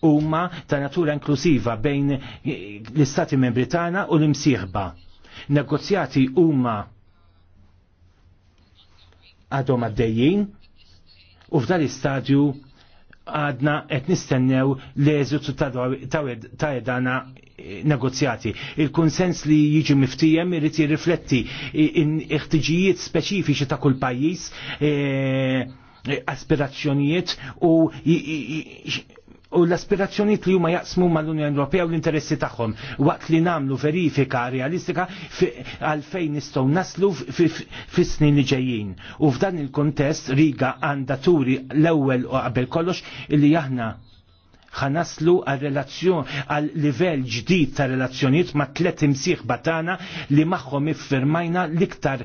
huma ta' natura inklusiva bejn l-Istati Membri tagħna u l-imsieħba. Negozjati huma għadhom għaddejjin u f'dan l-istadju għadna qed nistennew l-eżitu ta' edana eh, negozjati. Il-konsens li jiġi miftijem irrid jirrifletti ħtiġijiet speċifiċi ta' kull pajjiż eh, aspirazzjonijiet u u l aspirazzjonijiet li huma jaqsmu mal-Unjoni Ewropea u l-interessi tagħhom waqt li nagħmlu verifika realistika għalfejn nistgħu naslu fis-snin li ġejjin. U f'dan il-kontest Riga għandha turi l-ewwel u qabel kollox li aħna ħanaslu għal relazzjon għal livell ġdid ta' relazzjoniet ma' tlet imsieħ batana li magħhom iffirmajna l-iktar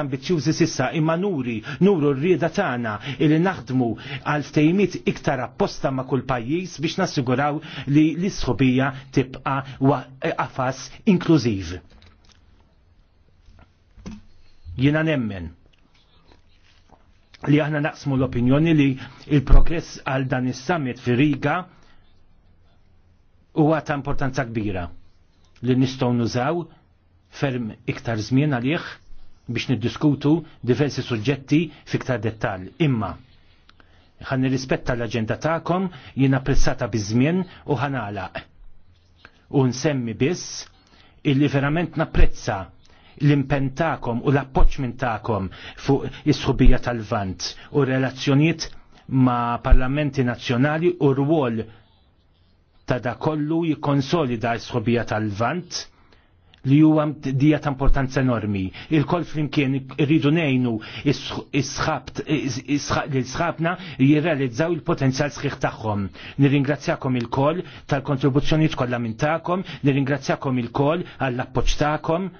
ambizjużi sissa imma nuri nuru r-rieda tagħna li naħdmu għal ftejmiet iktar apposta ma' kull pajjiż biex nassiguraw li l-isħobija tibqa' għafas inklużiv. Jiena nemmen li aħna naqsmu l-opinjoni li il-progress għal dan is-summit fi Riga huwa ta' importanza kbira li nistgħu nużaw ferm iktar żmien għalih biex niddiskutu diversi suġġetti fiktar dettal. Imma ħan nirrispetta l-aġenda tagħkom, jien apprezzata biż-żmien u ħanalaq. U nsemmi biss illi verament napprezza l impentakom u l-appoċ minn ta'kom fuq is-subija tal-vant u relazzjoniet ma' parlamenti nazzjonali u rwol ta' da kollu jikonsolida s-sħobija tal-vant li huwa dija ta' importanza enormi. Il-kol flimkien irridu nejnu l-sħabna jirrealizzaw il-potenzjal sħiħ tagħhom. Nirringrazzjakom il-kol tal-kontribuzzjoni kollha minn tagħkom, nirringrazzjakom il-kol għall-appoġġ tagħkom eh,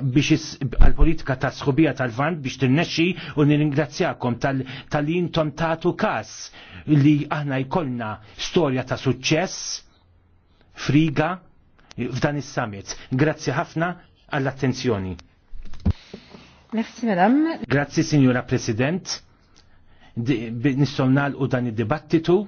biex għall-politika ta' sħubija tal-vant biex tinnexxi u nirringrazzjakom tal-intom tagħtu każ li aħna jkollna storja ta' suċċess friga f'dan is-summit. Grazzi ħafna għall-attenzjoni. Merci, madame. Grazzi, signora President. Nissomnal u dan id-dibattitu.